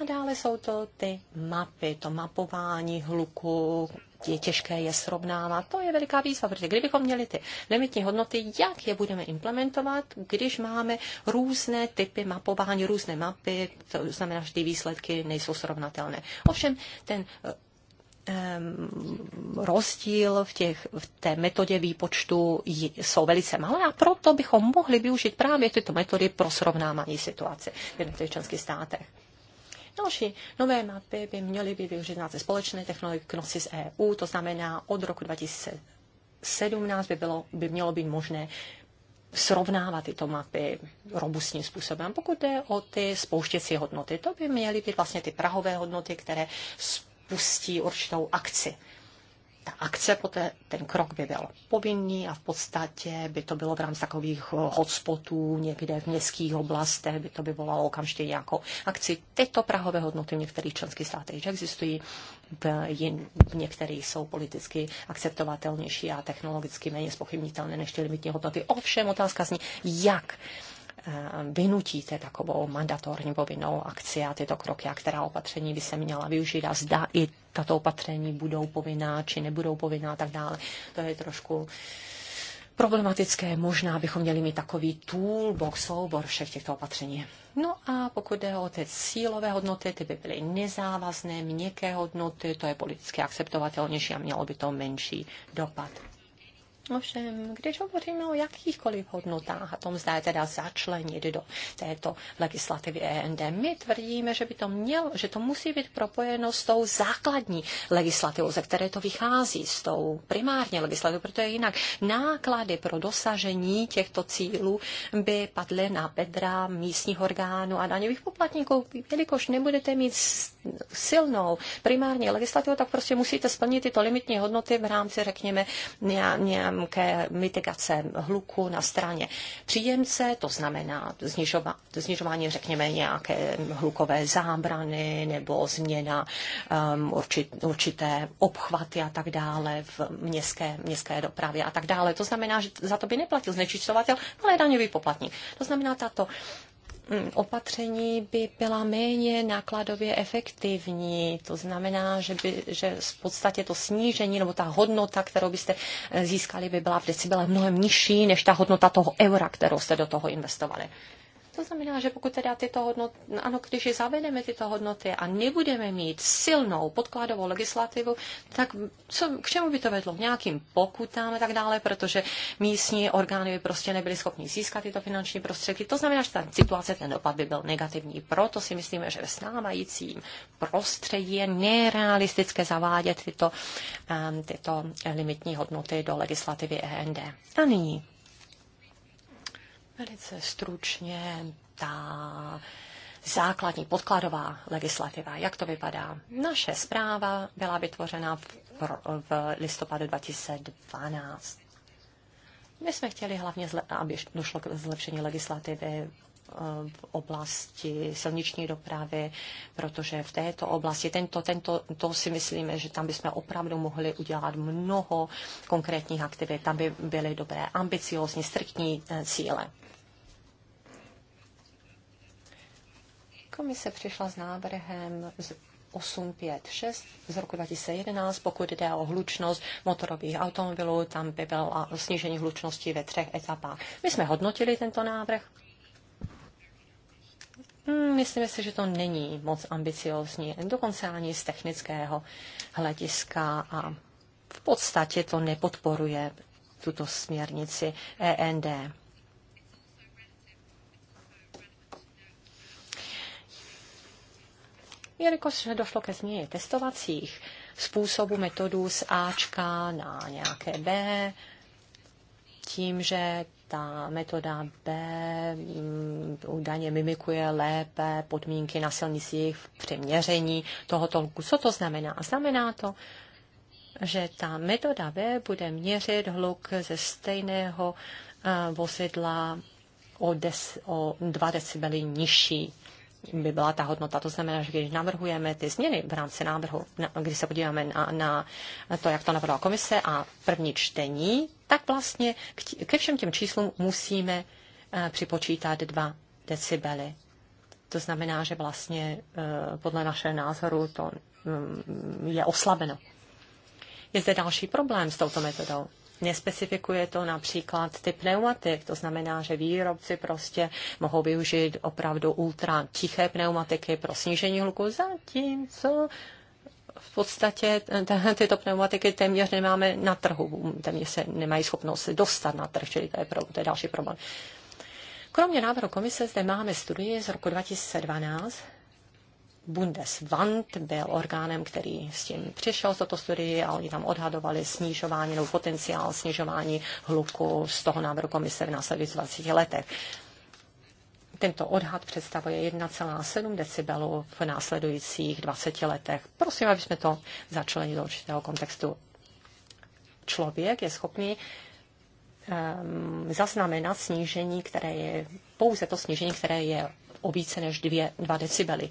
A dále jsou to ty mapy, to mapování hluku, je těžké je srovnávat. To je veliká výzva, protože kdybychom měli ty limitní hodnoty, jak je budeme implementovat, když máme různé typy mapování, různé mapy, to znamená, že ty výsledky nejsou srovnatelné. Ovšem, ten eh, rozdíl v, těch, v té metodě výpočtu jsou velice malé a proto bychom mohli využít právě tyto metody pro srovnávání situace v jednotlivých členských státech. Další nové mapy by měly být využity ze společné technologie Knosis EU, to znamená od roku 2017 by, bylo, by mělo být možné srovnávat tyto mapy robustním způsobem. Pokud jde o ty spouštěcí hodnoty, to by měly být vlastně ty prahové hodnoty, které spustí určitou akci ta akce, poté ten krok by byl povinný a v podstatě by to bylo v rámci takových eh, hotspotů někde v městských oblastech, by to volalo okamžitě nějakou akci. Tyto prahové hodnoty v některých členských státech již existují, v, jin, v některých jsou politicky akceptovatelnější a technologicky méně spochybnitelné než ty limitní hodnoty. Ovšem otázka zní, jak eh, vynutíte takovou mandatorní povinnou akci a tyto kroky, a která opatření by se měla využít a zda i tato opatření budou povinná či nebudou povinná a tak dále. To je trošku problematické. Možná bychom měli mít takový toolbox, soubor všech těchto opatření. No a pokud jde o ty cílové hodnoty, ty by byly nezávazné, měkké hodnoty, to je politicky akceptovatelnější a mělo by to menší dopad. Ovšem, když hovoříme o jakýchkoliv hodnotách a tom zda je teda začlenit do této legislativy END, my tvrdíme, že by to mělo, že to musí být propojeno s tou základní legislativou, ze které to vychází, s tou primární legislativou, protože jinak náklady pro dosažení těchto cílů by padly na bedra místních orgánů a daňových poplatníků, jelikož nebudete mít silnou primární legislativu, tak prostě musíte splnit tyto limitní hodnoty v rámci, řekněme, nějak ke mitigace hluku na straně příjemce, to znamená znižova, znižování, řekněme, nějaké hlukové zábrany nebo změna um, určit, určité obchvaty a tak dále v městské, městské dopravě a tak dále. To znamená, že za to by neplatil znečišťovatel, ale daňový poplatník. To znamená, tato Mm, opatření by byla méně nákladově efektivní. To znamená, že, by, že v podstatě to snížení nebo ta hodnota, kterou byste eh, získali, by byla v decibelech mnohem nižší než ta hodnota toho eura, kterou jste do toho investovali. To znamená, že pokud teda tyto hodnoty, ano, když zavedeme tyto hodnoty a nebudeme mít silnou podkladovou legislativu, tak co, k čemu by to vedlo? Nějakým pokutám a tak dále, protože místní orgány by prostě nebyly schopni získat tyto finanční prostředky. To znamená, že ta situace, ten dopad by byl negativní. Proto si myslíme, že ve snávajícím prostředí je nerealistické zavádět tyto, tyto limitní hodnoty do legislativy END. A nyní Velice stručně ta základní podkladová legislativa. Jak to vypadá? Naše zpráva byla vytvořena v, v listopadu 2012. My jsme chtěli hlavně, aby došlo k zlepšení legislativy eh, v oblasti silniční dopravy, protože v této oblasti, tento, tento, to si myslíme, že tam bychom opravdu mohli udělat mnoho konkrétních aktivit, tam by byly dobré ambiciózní, striktní eh, cíle. Komise přišla s návrhem z 856 z roku 2011, pokud jde o hlučnost motorových automobilů, tam by bylo snížení hlučnosti ve třech etapách. My jsme hodnotili tento návrh. Hmm, Myslím si, že to není moc ambiciozní, dokonce ani z technického hlediska a v podstatě to nepodporuje tuto směrnici END. jelikož došlo ke změně testovacích způsobů metodů z Ačka na nějaké B, tím, že ta metoda B mm, údajně mimikuje lépe podmínky na silnicích v přeměření toho tolku. Co to znamená? Znamená to, že ta metoda B bude měřit hluk ze stejného eh, vozidla o, des, o 2 decibely nižší by byla ta hodnota. To znamená, že když navrhujeme ty změny v rámci návrhu, když se podíváme na, na to, jak to navrhla komise a první čtení, tak vlastně ke všem těm číslům musíme eh, připočítat 2 decibely. To znamená, že vlastně eh, podle našeho názoru to mm, je oslabeno. Je zde další problém s touto metodou. Nespecifikuje to například typ pneumatik, to znamená, že výrobci prostě mohou využít opravdu ultra tiché pneumatiky pro snížení hluku, zatímco v podstatě tyto pneumatiky téměř nemáme na trhu, téměř se nemají schopnost dostat na trh, čili to je, pro, to je další problém. Kromě návrhu komise zde máme studii z roku 2012, Bundeswand byl orgánem, který s tím přišel toto studii a oni tam odhadovali snižování nebo potenciál snižování hluku z toho návrhu komise v následujících 20 letech. Tento odhad představuje 1,7 decibelů v následujících 20 letech. Prosím, aby jsme to začlenili do určitého kontextu. Člověk je schopný um, zaznamenat snížení, které je pouze to snížení, které je o více než 2, decibely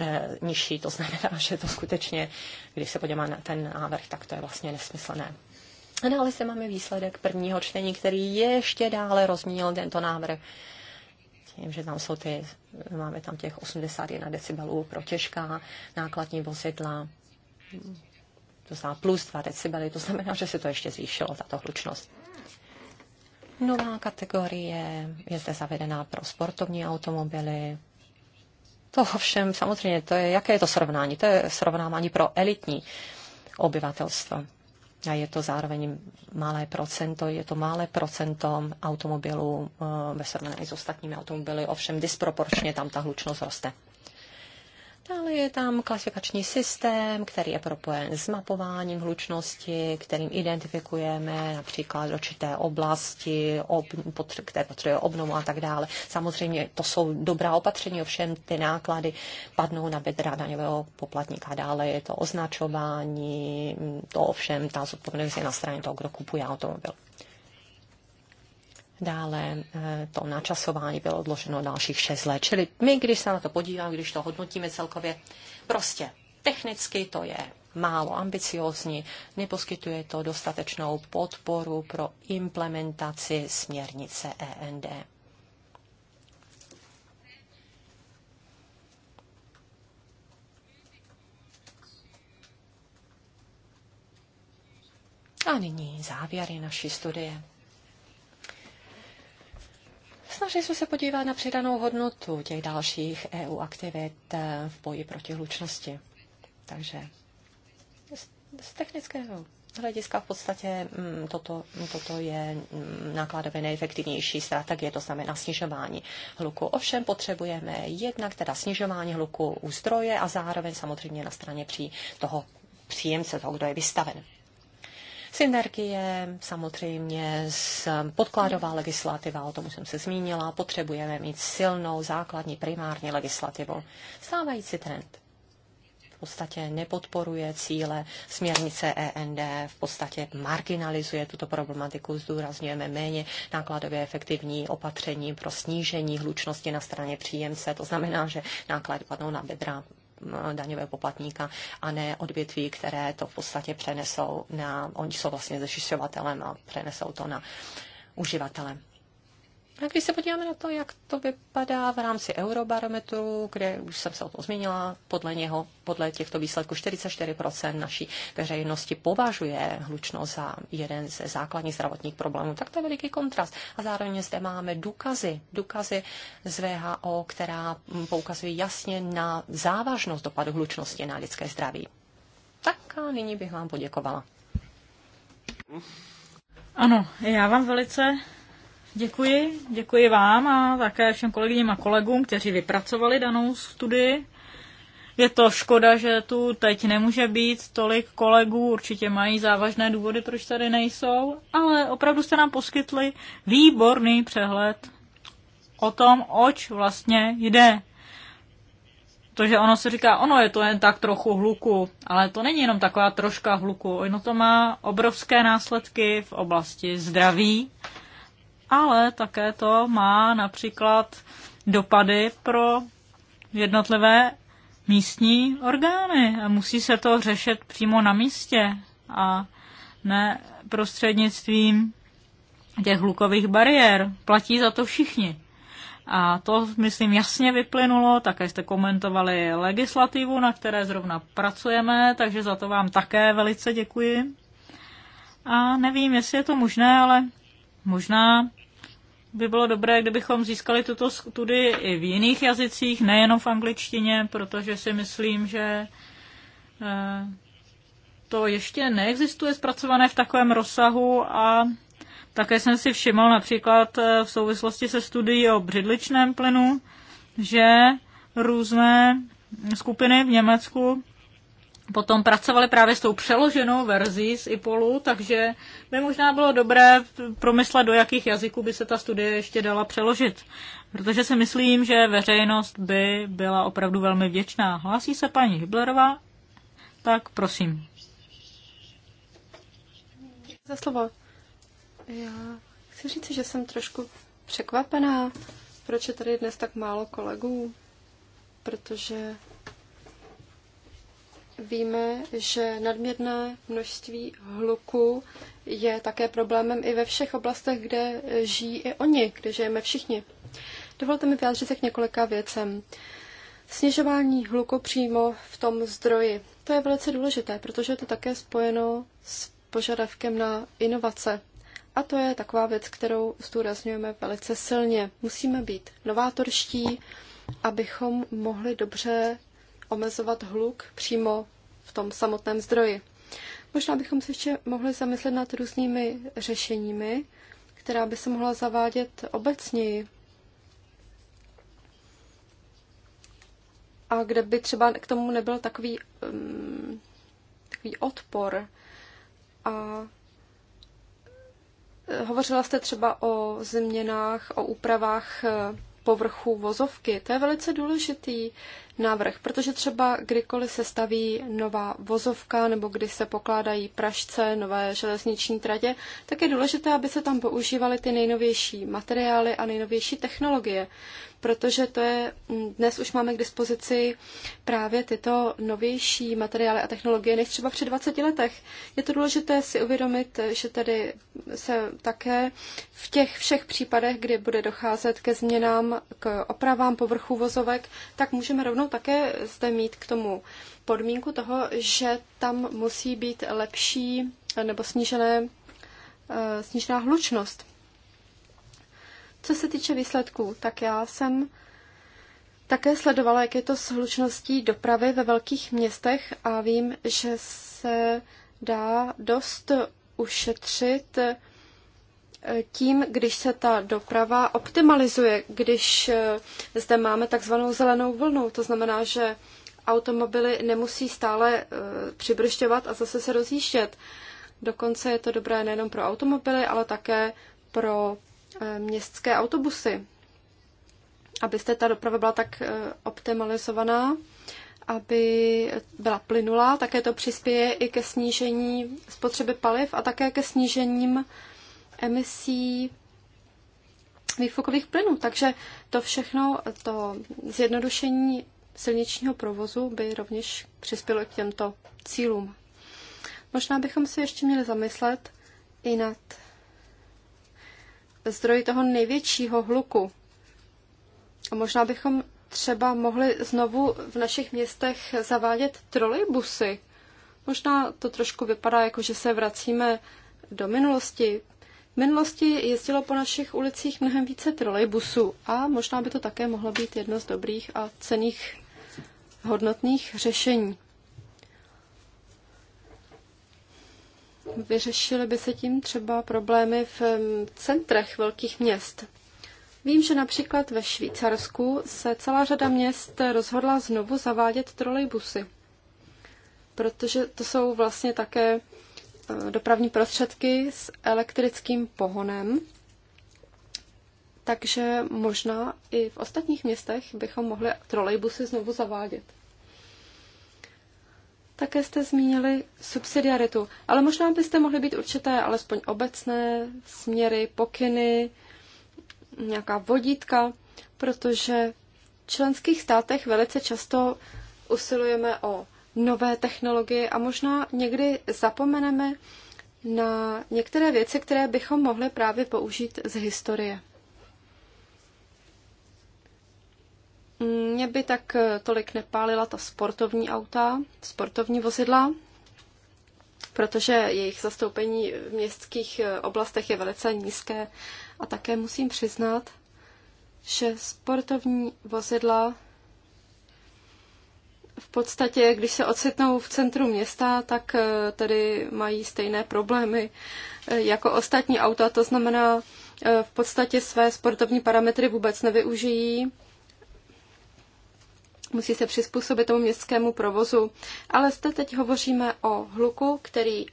e, nižší. To znamená, že to skutečně, když se podíváme na ten návrh, tak to je vlastně nesmyslné. A dále se máme výsledek prvního čtení, který ještě dále rozmínil tento návrh tím, že tam jsou ty, máme tam těch 81 decibelů pro těžká nákladní vozidla, to znamená plus 2 decibely, to znamená, že se to ještě zvýšilo, tato hlučnost. Nová kategorie je zde zavedená pro sportovní automobily. To ovšem, samozřejmě, to je, jaké je to srovnání? To je srovnávání pro elitní obyvatelstvo. A je to zároveň malé procento, je to malé procento automobilů eh, ve srovnání s ostatními automobily, ovšem disproporčně tam ta hlučnost roste. Dále je tam klasifikační systém, který je propojen s mapováním hlučnosti, kterým identifikujeme například určité oblasti, ob, potře- které potřebuje obnovu a tak dále. Samozřejmě to jsou dobrá opatření, ovšem ty náklady padnou na bedra daňového poplatníka. Dále je to označování, to ovšem ta zodpovědnost je na straně toho, kdo kupuje automobil. Dále eh, to načasování bylo odloženo dalších 6 let. Čili my, když se na to podívám, když to hodnotíme celkově, prostě technicky to je málo ambiciózní, neposkytuje to dostatečnou podporu pro implementaci směrnice END. A nyní závěry naší studie. Snažili jsme se podívat na přidanou hodnotu těch dalších EU aktivit eh, v boji proti hlučnosti. Takže z technického hlediska v podstatě mm, toto, toto je mm, nákladově nejefektivnější strategie, to znamená snižování hluku. Ovšem potřebujeme jednak teda snižování hluku u zdroje a zároveň samozřejmě na straně při toho příjemce, toho, kdo je vystaven Synergie samozřejmě s podkladová legislativa, o tom jsem se zmínila, potřebujeme mít silnou základní primární legislativu. Stávající trend v podstatě nepodporuje cíle směrnice END, v podstatě marginalizuje tuto problematiku, zdůrazňujeme méně nákladově efektivní opatření pro snížení hlučnosti na straně příjemce, to znamená, že náklady padnou na bedra daňového poplatníka a ne odvětví, které to v podstatě přenesou na, oni jsou vlastně zašišovatelem a přenesou to na uživatele. A když se podíváme na to, jak to vypadá v rámci eurobarometru, kde už jsem se o tom zmínila, podle něho, podle těchto výsledků 44% naší veřejnosti považuje hlučnost za jeden ze základních zdravotních problémů, tak to je veliký kontrast. A zároveň zde máme důkazy, důkazy z VHO, která poukazují jasně na závažnost dopadu hlučnosti na lidské zdraví. Tak a nyní bych vám poděkovala. Ano, já vám velice Děkuji, děkuji vám a také všem kolegyním a kolegům, kteří vypracovali danou studii. Je to škoda, že tu teď nemůže být tolik kolegů, určitě mají závažné důvody, proč tady nejsou, ale opravdu jste nám poskytli výborný přehled o tom, oč vlastně jde. To, že ono se říká, ono je to jen tak trochu hluku, ale to není jenom taková troška hluku, ono to má obrovské následky v oblasti zdraví, ale také to má například dopady pro jednotlivé místní orgány a musí se to řešit přímo na místě a ne prostřednictvím těch hlukových bariér. Platí za to všichni. A to, myslím, jasně vyplynulo. Také jste komentovali legislativu, na které zrovna pracujeme, takže za to vám také velice děkuji. A nevím, jestli je to možné, ale možná by bylo dobré, kdybychom získali tuto studii i v jiných jazycích, nejenom v angličtině, protože si myslím, že eh, to ještě neexistuje zpracované v takovém rozsahu a také jsem si všiml například eh, v souvislosti se studií o břidličném plynu, že různé skupiny v Německu potom pracovali právě s tou přeloženou verzí z IPOLu, takže by možná bylo dobré promyslet, do jakých jazyků by se ta studie ještě dala přeložit. Protože si myslím, že veřejnost by byla opravdu velmi vděčná. Hlásí se paní Hiblerová? Tak prosím. Za slovo. Já chci říct, že jsem trošku překvapená, proč je tady dnes tak málo kolegů, protože víme, že nadměrné množství hluku je také problémem i ve všech oblastech, kde žijí i oni, kde žijeme všichni. Dovolte mi vyjádřit se k několika věcem. Snižování hluku přímo v tom zdroji. To je velice důležité, protože je to také spojeno s požadavkem na inovace. A to je taková věc, kterou zdůrazňujeme velice silně. Musíme být novátorští, abychom mohli dobře omezovat hluk přímo v tom samotném zdroji. Možná bychom se ještě mohli zamyslet nad různými řešeními, která by se mohla zavádět obecněji. A kde by třeba k tomu nebyl takový, um, takový odpor. A e, hovořila jste třeba o změnách, o úpravách e, povrchu vozovky. To je velice důležitý návrh, protože třeba kdykoliv se staví nová vozovka nebo kdy se pokládají pražce, nové železniční tratě, tak je důležité, aby se tam používaly ty nejnovější materiály a nejnovější technologie, protože to je, mm, dnes už máme k dispozici právě tyto novější materiály a technologie než třeba před 20 letech. Je to důležité si uvědomit, že tedy se také v těch všech případech, kdy bude docházet ke změnám, k opravám povrchu vozovek, tak můžeme rovnou také zde mít k tomu podmínku toho, že tam musí být lepší nebo snížené, eh, snížená hlučnost. Co se týče výsledků, tak já jsem také sledovala, jak je to s hlučností dopravy ve velkých městech a vím, že se dá dost ušetřit tím, když se ta doprava optimalizuje, když eh, zde máme takzvanou zelenou vlnu, to znamená, že automobily nemusí stále eh, přibršťovat a zase se rozjíždět. Dokonce je to dobré nejenom pro automobily, ale také pro eh, městské autobusy, abyste ta doprava byla tak optimalizovaná, aby byla plynulá. Také to přispěje i ke snížení spotřeby paliv a také ke snížením emisí výfukových plynů. Takže to všechno, to zjednodušení silničního provozu by rovněž přispělo k těmto cílům. Možná bychom si ještě měli zamyslet i nad zdroji toho největšího hluku. A možná bychom třeba mohli znovu v našich městech zavádět trolejbusy. Možná to trošku vypadá jako, že se vracíme do minulosti, minulosti jezdilo po našich ulicích mnohem více trolejbusů a možná by to také mohlo být jedno z dobrých a cených hodnotných řešení. Vyřešily by se tím třeba problémy v centrech velkých měst. Vím, že například ve Švýcarsku se celá řada měst rozhodla znovu zavádět trolejbusy, protože to jsou vlastně také dopravní prostředky s elektrickým pohonem. Takže možná i v ostatních městech bychom mohli trolejbusy znovu zavádět. Také jste zmínili subsidiaritu, ale možná byste mohli být určité alespoň obecné směry, pokyny, nějaká vodítka, protože v členských státech velice často usilujeme o nové technologie a možná někdy zapomeneme na některé věci, které bychom mohli právě použít z historie. Mě by tak tolik nepálila ta sportovní auta, sportovní vozidla, protože jejich zastoupení v městských eh, oblastech je velice nízké. A také musím přiznat, že sportovní vozidla v podstatě, když se ocitnou v centru města, tak eh, tedy mají stejné problémy eh, jako ostatní auta. To znamená, eh, v podstatě své sportovní parametry vůbec nevyužijí. Musí se přizpůsobit tomu městskému provozu. Ale zde teď hovoříme o hluku, který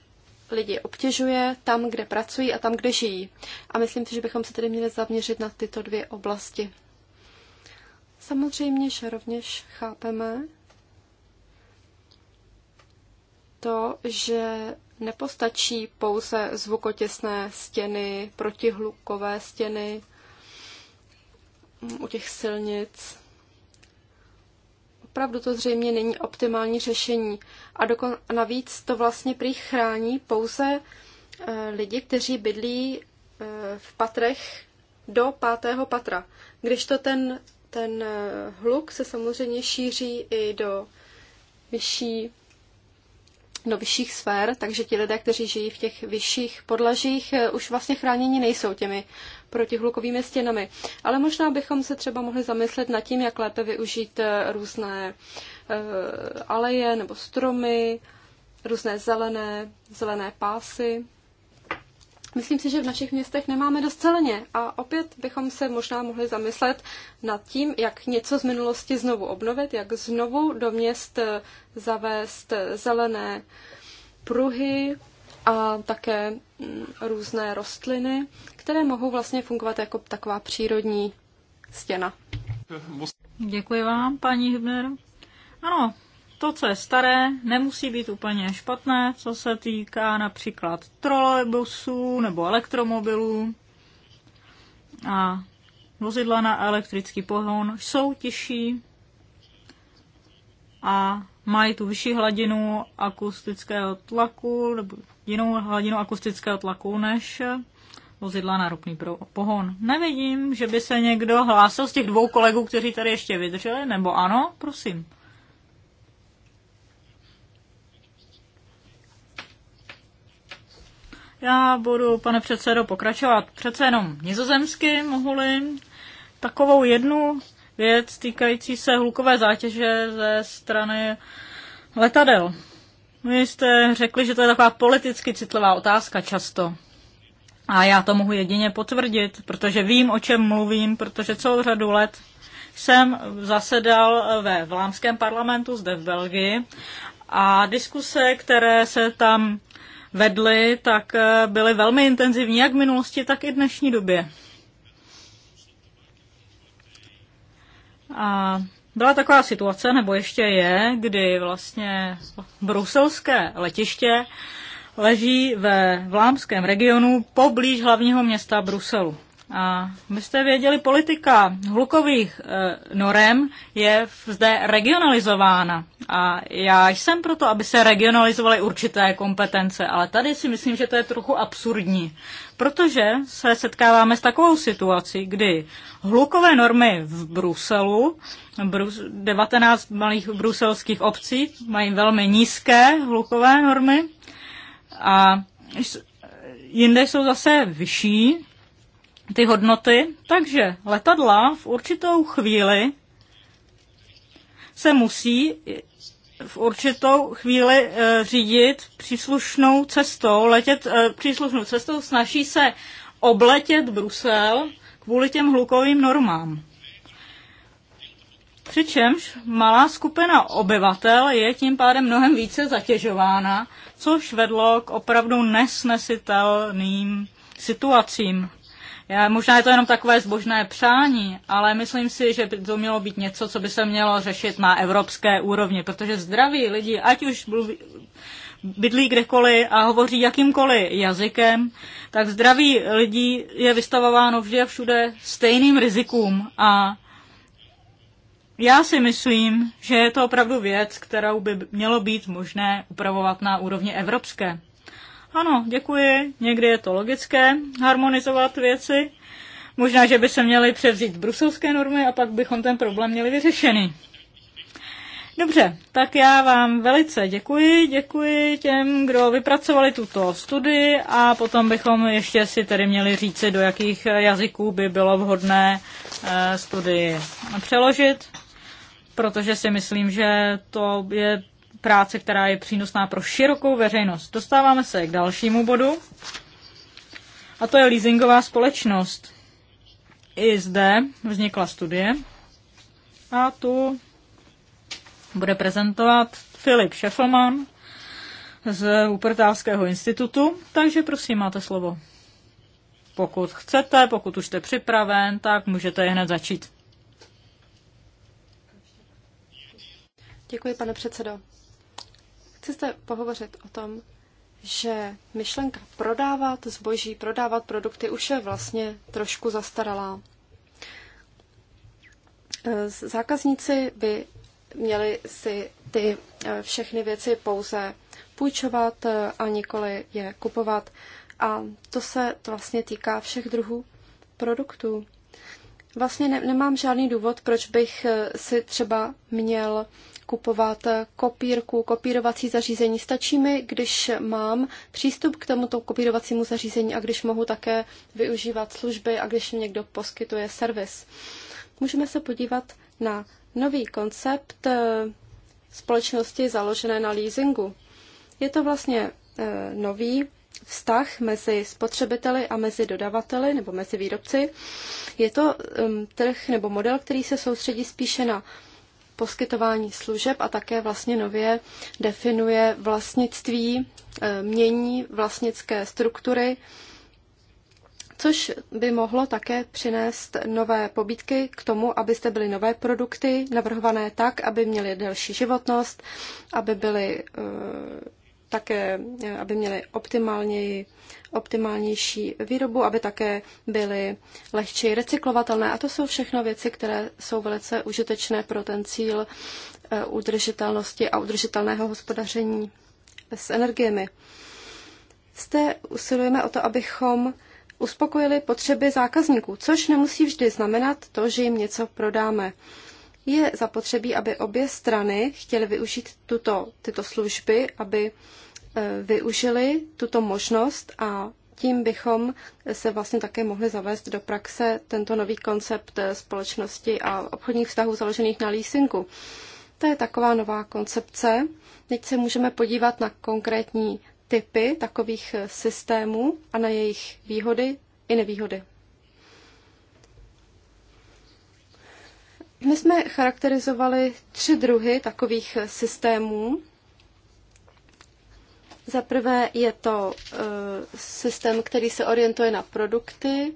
lidi obtěžuje tam, kde pracují a tam, kde žijí. A myslím si, že bychom se tedy měli zaměřit na tyto dvě oblasti. Samozřejmě, že rovněž chápeme, to, že nepostačí pouze zvukotěsné stěny, protihlukové stěny mm, u těch silnic. Opravdu to zřejmě není optimální řešení. A dokon, navíc to vlastně prý chrání pouze eh, lidi, kteří bydlí eh, v patrech do pátého patra. Když to ten, ten eh, hluk se samozřejmě šíří i do vyšší do vyšších sfér, takže ti lidé, kteří žijí v těch vyšších podlažích, eh, už vlastně chráněni nejsou těmi protihlukovými stěnami. Ale možná bychom se třeba mohli zamyslet nad tím, jak lépe využít eh, různé eh, aleje nebo stromy, různé zelené, zelené pásy. Myslím si, že v našich městech nemáme dost zeleně a opět bychom se možná mohli zamyslet nad tím, jak něco z minulosti znovu obnovit, jak znovu do měst eh, zavést eh, zelené pruhy a také mm, různé rostliny, které mohou vlastně fungovat jako taková přírodní stěna. Děkuji vám, paní Hübner. Ano, to, co je staré, nemusí být úplně špatné, co se týká například trolejbusů nebo elektromobilů. A vozidla na elektrický pohon jsou těžší a mají tu vyšší hladinu akustického tlaku nebo jinou hladinu akustického tlaku než vozidla na ropný pohon. Nevidím, že by se někdo hlásil z těch dvou kolegů, kteří tady ještě vydrželi, nebo ano, prosím. Já budu, pane předsedo, pokračovat přece jenom nizozemsky, mohu-li takovou jednu věc týkající se hlukové zátěže ze strany letadel. Vy jste řekli, že to je taková politicky citlivá otázka často. A já to mohu jedině potvrdit, protože vím, o čem mluvím, protože celou řadu let jsem zasedal ve vlámském parlamentu zde v Belgii a diskuse, které se tam vedli, tak eh, byly velmi intenzivní jak v minulosti, tak i v dnešní době. A byla taková situace, nebo ještě je, kdy vlastně bruselské letiště leží ve vlámském regionu poblíž hlavního města Bruselu. A my jste věděli, politika hlukových e, norem je zde regionalizována. A já jsem proto, aby se regionalizovaly určité kompetence, ale tady si myslím, že to je trochu absurdní, protože se setkáváme s takovou situací, kdy hlukové normy v Bruselu, Brus, 19 malých bruselských obcí mají velmi nízké hlukové normy a jinde jsou zase vyšší ty hodnoty, takže letadla v určitou chvíli se musí v určitou chvíli e, řídit příslušnou cestou, letět e, příslušnou cestou, snaží se obletět Brusel kvůli těm hlukovým normám. Přičemž malá skupina obyvatel je tím pádem mnohem více zatěžována, což vedlo k opravdu nesnesitelným situacím. Já, možná je to jenom takové zbožné přání, ale myslím si, že by to mělo být něco, co by se mělo řešit na evropské úrovni, protože zdraví lidi, ať už mluví, bydlí kdekoliv a hovoří jakýmkoliv jazykem, tak zdraví lidí je vystavováno vždy a všude stejným rizikům. A já si myslím, že je to opravdu věc, kterou by mělo být možné upravovat na úrovni evropské. Ano, děkuji, někdy je to logické harmonizovat věci. Možná, že by se měly převzít bruselské normy a pak bychom ten problém měli vyřešený. Dobře, tak já vám velice děkuji. Děkuji těm, kdo vypracovali tuto studii a potom bychom ještě si tedy měli říci, do jakých jazyků by bylo vhodné eh, studii přeložit, protože si myslím, že to je práce, která je přínosná pro širokou veřejnost. Dostáváme se k dalšímu bodu, a to je leasingová společnost. I zde vznikla studie a tu bude prezentovat Filip Šefelman z Uprtávského institutu, takže prosím, máte slovo. Pokud chcete, pokud už jste připraven, tak můžete hned začít. Děkuji, pane předsedo. Chci se pohovořit o tom, že myšlenka prodávat zboží, prodávat produkty už je vlastně trošku zastaralá. Zákazníci by měli si ty eh, všechny věci pouze půjčovat eh, a nikoli je kupovat. A to se to vlastně týká všech druhů produktů. Vlastně ne, nemám žádný důvod, proč bych eh, si třeba měl kupovat kopírku, kopírovací zařízení. Stačí mi, když mám přístup k tomuto kopírovacímu zařízení a když mohu také využívat služby a když mi někdo poskytuje servis. Můžeme se podívat na nový koncept eh, společnosti založené na leasingu. Je to vlastně eh, nový vztah mezi spotřebiteli a mezi dodavateli nebo mezi výrobci. Je to um, trh nebo model, který se soustředí spíše na poskytování služeb a také vlastně nově definuje vlastnictví, e, mění vlastnické struktury, což by mohlo také přinést nové pobídky k tomu, abyste byly nové produkty navrhované tak, aby měly delší životnost, aby byly e, také, e, aby měly optimálněji optimálnější výrobu, aby také byly lehčí recyklovatelné. A to jsou všechno věci, které jsou velice užitečné pro ten cíl eh, udržitelnosti a udržitelného hospodaření s energiemi. Zde usilujeme o to, abychom uspokojili potřeby zákazníků, což nemusí vždy znamenat to, že jim něco prodáme. Je zapotřebí, aby obě strany chtěly využít tuto, tyto služby, aby Eh, využili tuto možnost a tím bychom se vlastně také mohli zavést do praxe tento nový koncept eh, společnosti a obchodních vztahů založených na leasingu. To je taková nová koncepce. Teď se můžeme podívat na konkrétní typy takových eh, systémů a na jejich výhody i nevýhody. My jsme charakterizovali tři druhy takových systémů za prvé je to eh, systém, který se orientuje na produkty.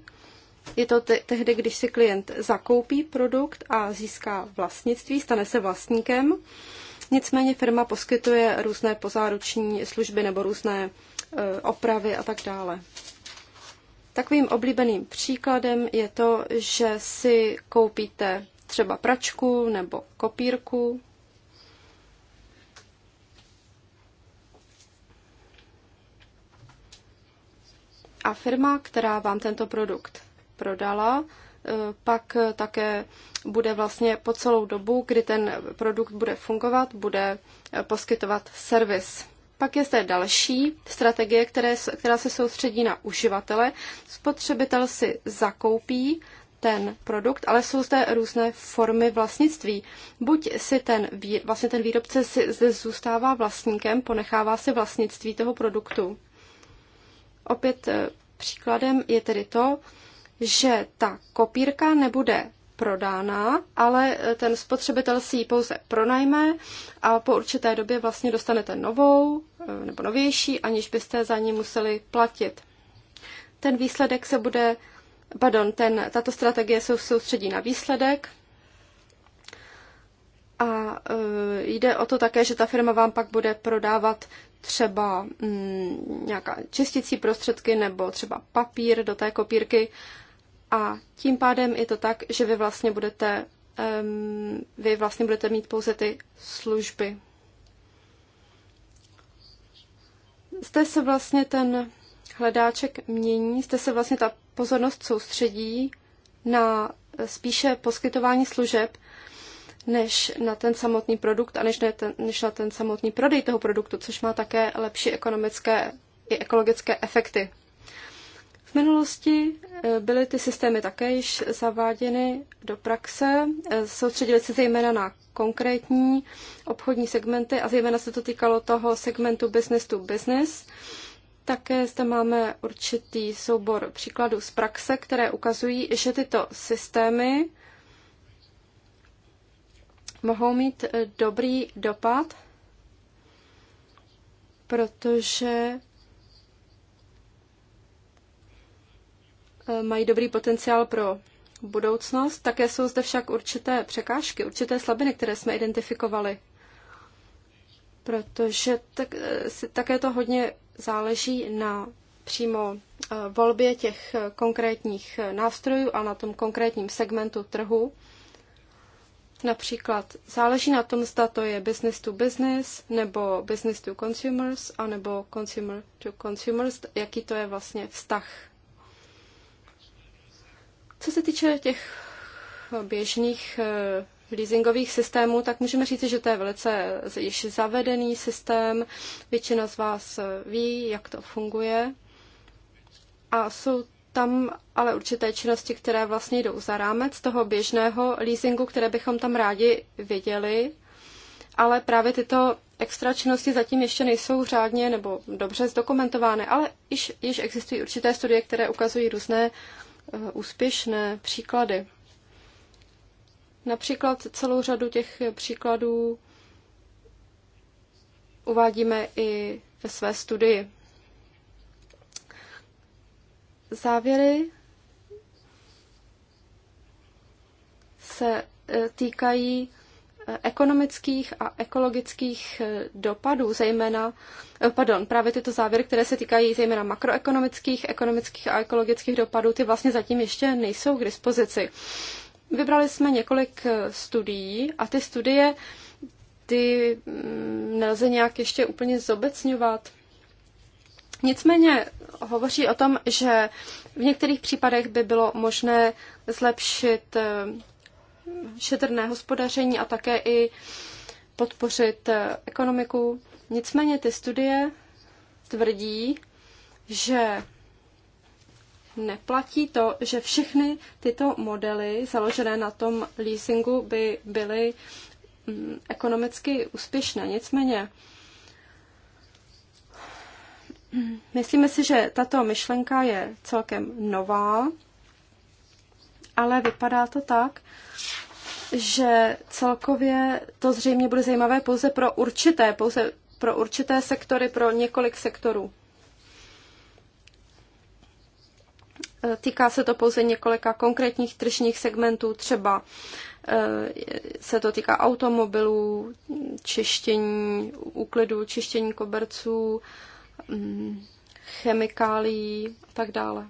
Je to te- tehdy, když si klient zakoupí produkt a získá vlastnictví, stane se vlastníkem. Nicméně firma poskytuje různé pozáruční služby nebo různé eh, opravy a tak dále. Takovým oblíbeným příkladem je to, že si koupíte třeba pračku nebo kopírku A firma, která vám tento produkt prodala, eh, pak také bude vlastně po celou dobu, kdy ten produkt bude fungovat, bude eh, poskytovat servis. Pak je zde další strategie, které, která se soustředí na uživatele. Spotřebitel si zakoupí ten produkt, ale jsou zde různé formy vlastnictví. Buď si ten, vlastně ten výrobce si zde zůstává vlastníkem, ponechává si vlastnictví toho produktu. Opět eh, příkladem je tedy to, že ta kopírka nebude prodána, ale eh, ten spotřebitel si ji pouze pronajme a po určité době vlastně dostanete novou eh, nebo novější, aniž byste za ní museli platit. Ten výsledek se bude, pardon, ten, tato strategie se soustředí na výsledek a jde o to také, že ta firma vám pak bude prodávat třeba mm, nějaká čistící prostředky nebo třeba papír do té kopírky. A tím pádem je to tak, že vy vlastně budete, um, vy vlastně budete mít pouze ty služby. Zde se vlastně ten hledáček mění, zde se vlastně ta pozornost soustředí na spíše poskytování služeb, než na ten samotný produkt a než, na ten, než na ten samotný prodej toho produktu, což má také lepší ekonomické i ekologické efekty. V minulosti eh, byly ty systémy také již zaváděny do praxe, eh, soustředili se zejména na konkrétní obchodní segmenty a zejména se to týkalo toho segmentu business to business. Také zde máme určitý soubor příkladů z praxe, které ukazují, že tyto systémy mohou mít eh, dobrý dopad, protože eh, mají dobrý potenciál pro budoucnost. Také jsou zde však určité překážky, určité slabiny, které jsme identifikovali. Protože tak, eh, si také to hodně záleží na přímo volbě těch konkrétních nástrojů a na tom konkrétním segmentu trhu. Například záleží na tom, zda to je business to business, nebo business to consumers, anebo consumer to consumers, jaký to je vlastně vztah. Co se týče těch běžných eh, leasingových systémů, tak můžeme říct, že to je velice již zavedený systém. Většina z vás eh, ví, jak to funguje. A jsou tam ale určité činnosti, které vlastně jdou za rámec toho běžného leasingu, které bychom tam rádi viděli, ale právě tyto extra činnosti zatím ještě nejsou řádně nebo dobře zdokumentovány, ale již, již existují určité studie, které ukazují různé uh, úspěšné příklady. Například celou řadu těch příkladů uvádíme i ve své studii. Závěry se e, týkají e, ekonomických a ekologických e, dopadů, zejména, pardon, právě tyto závěry, které se týkají zejména makroekonomických, ekonomických a ekologických dopadů, ty vlastně zatím ještě nejsou k dispozici. Vybrali jsme několik studií a ty studie ty mm, nelze nějak ještě úplně zobecňovat. Nicméně hovoří o tom, že v některých případech by bylo možné zlepšit eh, šetrné hospodaření a také i podpořit eh, ekonomiku. Nicméně ty studie tvrdí, že neplatí to, že všechny tyto modely založené na tom leasingu by byly mm, ekonomicky úspěšné. Nicméně Myslíme si, že tato myšlenka je celkem nová, ale vypadá to tak, že celkově to zřejmě bude zajímavé pouze pro určité, pouze pro určité sektory, pro několik sektorů. Týká se to pouze několika konkrétních tržních segmentů, třeba eh, se to týká automobilů, čištění úklidů, čištění koberců, Mm, chemikálií a tak dále.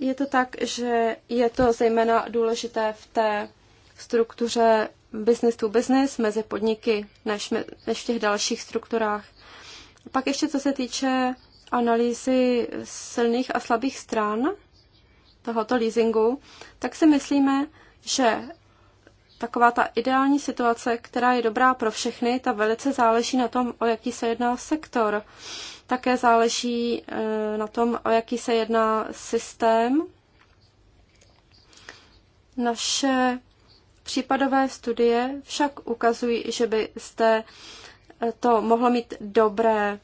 Je to tak, že je to zejména důležité v té struktuře business to business mezi podniky než, než v těch dalších strukturách. Pak ještě co se týče analýzy silných a slabých stran tohoto leasingu, tak si myslíme, že taková ta ideální situace, která je dobrá pro všechny, ta velice záleží na tom, o jaký se jedná sektor. Také záleží e, na tom, o jaký se jedná systém. Naše případové studie však ukazují, že by zde e, to mohlo mít dobré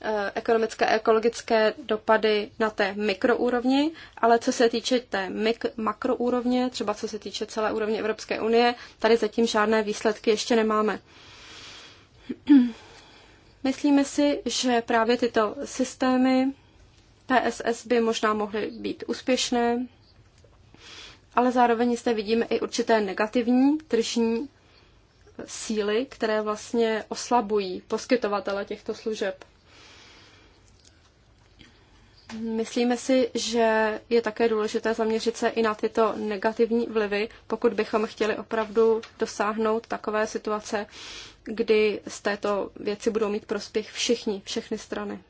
Eh, ekonomické a ekologické dopady na té mikroúrovni, ale co se týče té mik- makroúrovně, třeba co se týče celé úrovně Evropské unie, tady zatím žádné výsledky ještě nemáme. Myslíme si, že právě tyto systémy PSS by možná mohly být úspěšné, ale zároveň zde vidíme i určité negativní tržní síly, které vlastně oslabují poskytovatele těchto služeb. Myslíme si, že je také důležité zaměřit se i na tyto negativní vlivy, pokud bychom chtěli opravdu dosáhnout takové situace, kdy z této věci budou mít prospěch všichni, všechny strany.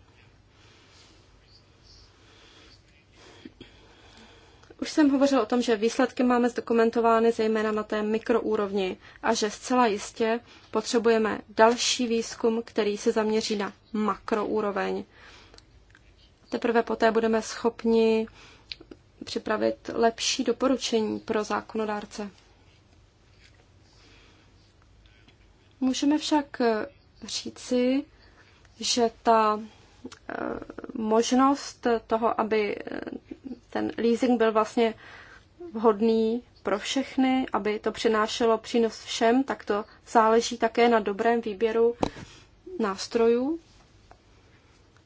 Už jsem hovořil o tom, že výsledky máme zdokumentovány zejména na té mikroúrovni a že zcela jistě potřebujeme další výzkum, který se zaměří na makroúroveň. Teprve poté budeme schopni připravit lepší doporučení pro zákonodárce. Můžeme však říci, že ta eh, možnost toho, aby eh, ten leasing byl vlastně vhodný pro všechny, aby to přinášelo přínos všem, tak to záleží také na dobrém výběru nástrojů.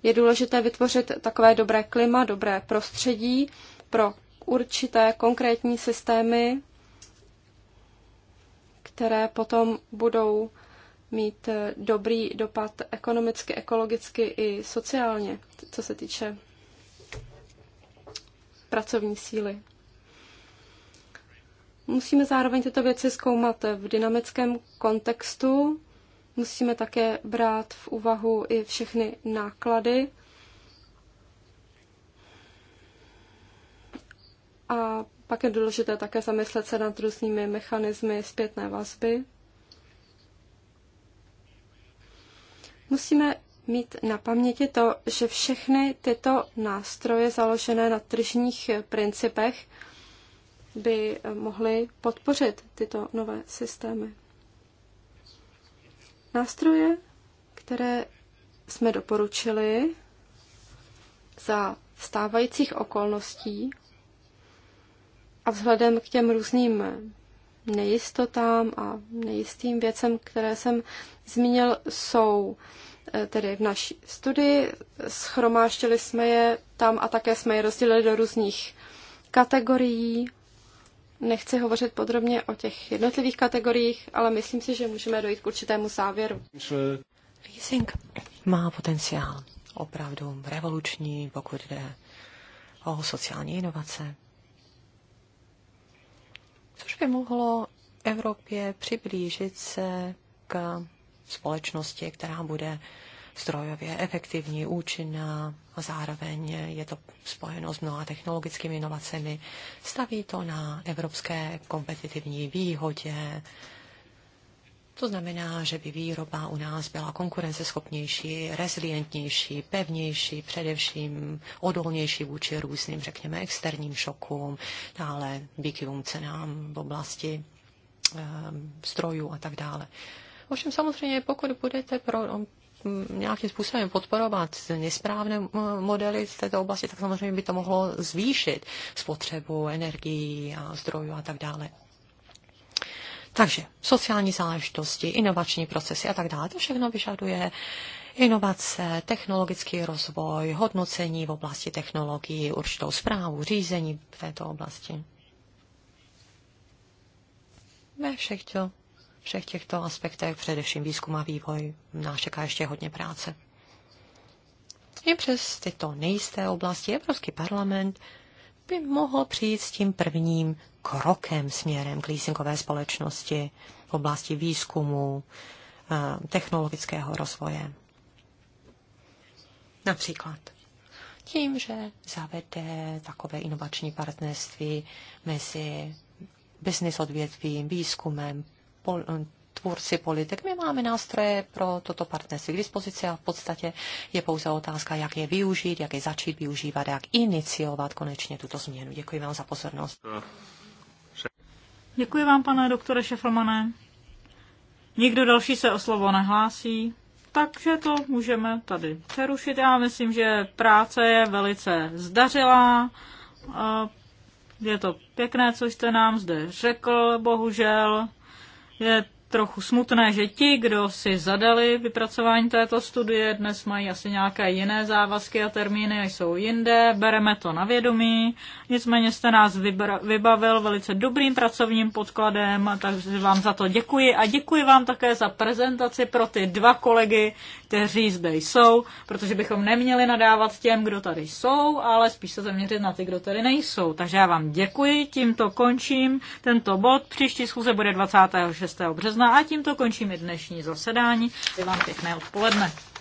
Je důležité vytvořit takové dobré klima, dobré prostředí pro určité konkrétní systémy, které potom budou mít eh, dobrý dopad ekonomicky, ekologicky i sociálně, co se týče pracovní síly. Musíme zároveň tyto věci zkoumat v dynamickém kontextu, Musíme také brát v úvahu i všechny náklady. A pak je důležité také zamyslet se nad různými mechanismy zpětné vazby. Musíme mít na paměti to, že všechny tyto nástroje založené na tržních principech by mohly podpořit tyto nové systémy. Nástroje, které jsme doporučili za stávajících okolností a vzhledem k těm různým nejistotám a nejistým věcem, které jsem zmínil, jsou eh, tedy v naší studii. Schromáštili jsme je tam a také jsme je rozdělili do různých kategorií Nechci hovořit podrobně o těch jednotlivých kategoriích, ale myslím si, že můžeme dojít k určitému závěru. Leasing má potenciál opravdu revoluční, pokud jde o sociální inovace. Což by mohlo Evropě přiblížit se k společnosti, která bude strojově efektivní, účinná a zároveň je to spojeno s mnoha technologickými inovacemi. Staví to na evropské kompetitivní výhodě. To znamená, že by výroba u nás byla konkurenceschopnější, rezilientnější, pevnější, především odolnější vůči různým, řekněme, externím šokům, dále výkyvům cenám v oblasti eh, strojů a tak dále. Ovšem samozřejmě, pokud budete pro, nějakým způsobem podporovat nesprávné modely z této oblasti, tak samozřejmě by to mohlo zvýšit spotřebu energií a zdrojů a tak dále. Takže sociální záležitosti, inovační procesy a tak dále, to všechno vyžaduje inovace, technologický rozvoj, hodnocení v oblasti technologií, určitou zprávu, řízení v této oblasti. Ve všech těch všech těchto aspektech, především výzkum a vývoj, nás čeká ještě hodně práce. I přes tyto nejisté oblasti Evropský parlament by mohl přijít s tím prvním krokem směrem k leasingové společnosti v oblasti výzkumu, eh, technologického rozvoje. Například tím, že zavede takové inovační partnerství mezi business odvětvím, výzkumem, pol, eh, tvůrci politik. My máme nástroje pro toto partnerství k dispozici a v podstatě je pouze otázka, jak je využít, jak je začít využívat, jak iniciovat konečně tuto změnu. Děkuji vám za pozornost. Děkuji vám, pane doktore Šeflmané. Nikdo další se o slovo nehlásí, takže to můžeme tady přerušit. Já myslím, že práce je velice zdařilá. Je to pěkné, co jste nám zde řekl, bohužel je trochu smutné, že ti, kdo si zadali vypracování této studie, dnes mají asi nějaké jiné závazky a termíny a jsou jinde, bereme to na vědomí, nicméně jste nás vybavil velice dobrým pracovním podkladem, takže vám za to děkuji a děkuji vám také za prezentaci pro ty dva kolegy, kteří zde jsou, protože bychom neměli nadávat těm, kdo tady jsou, ale spíš se zaměřit na ty, kdo tady nejsou. Takže já vám děkuji, tímto končím tento bod. Příští schůze bude 26. března března a tímto končíme dnešní zasedání. Přeji vám pěkné odpoledne.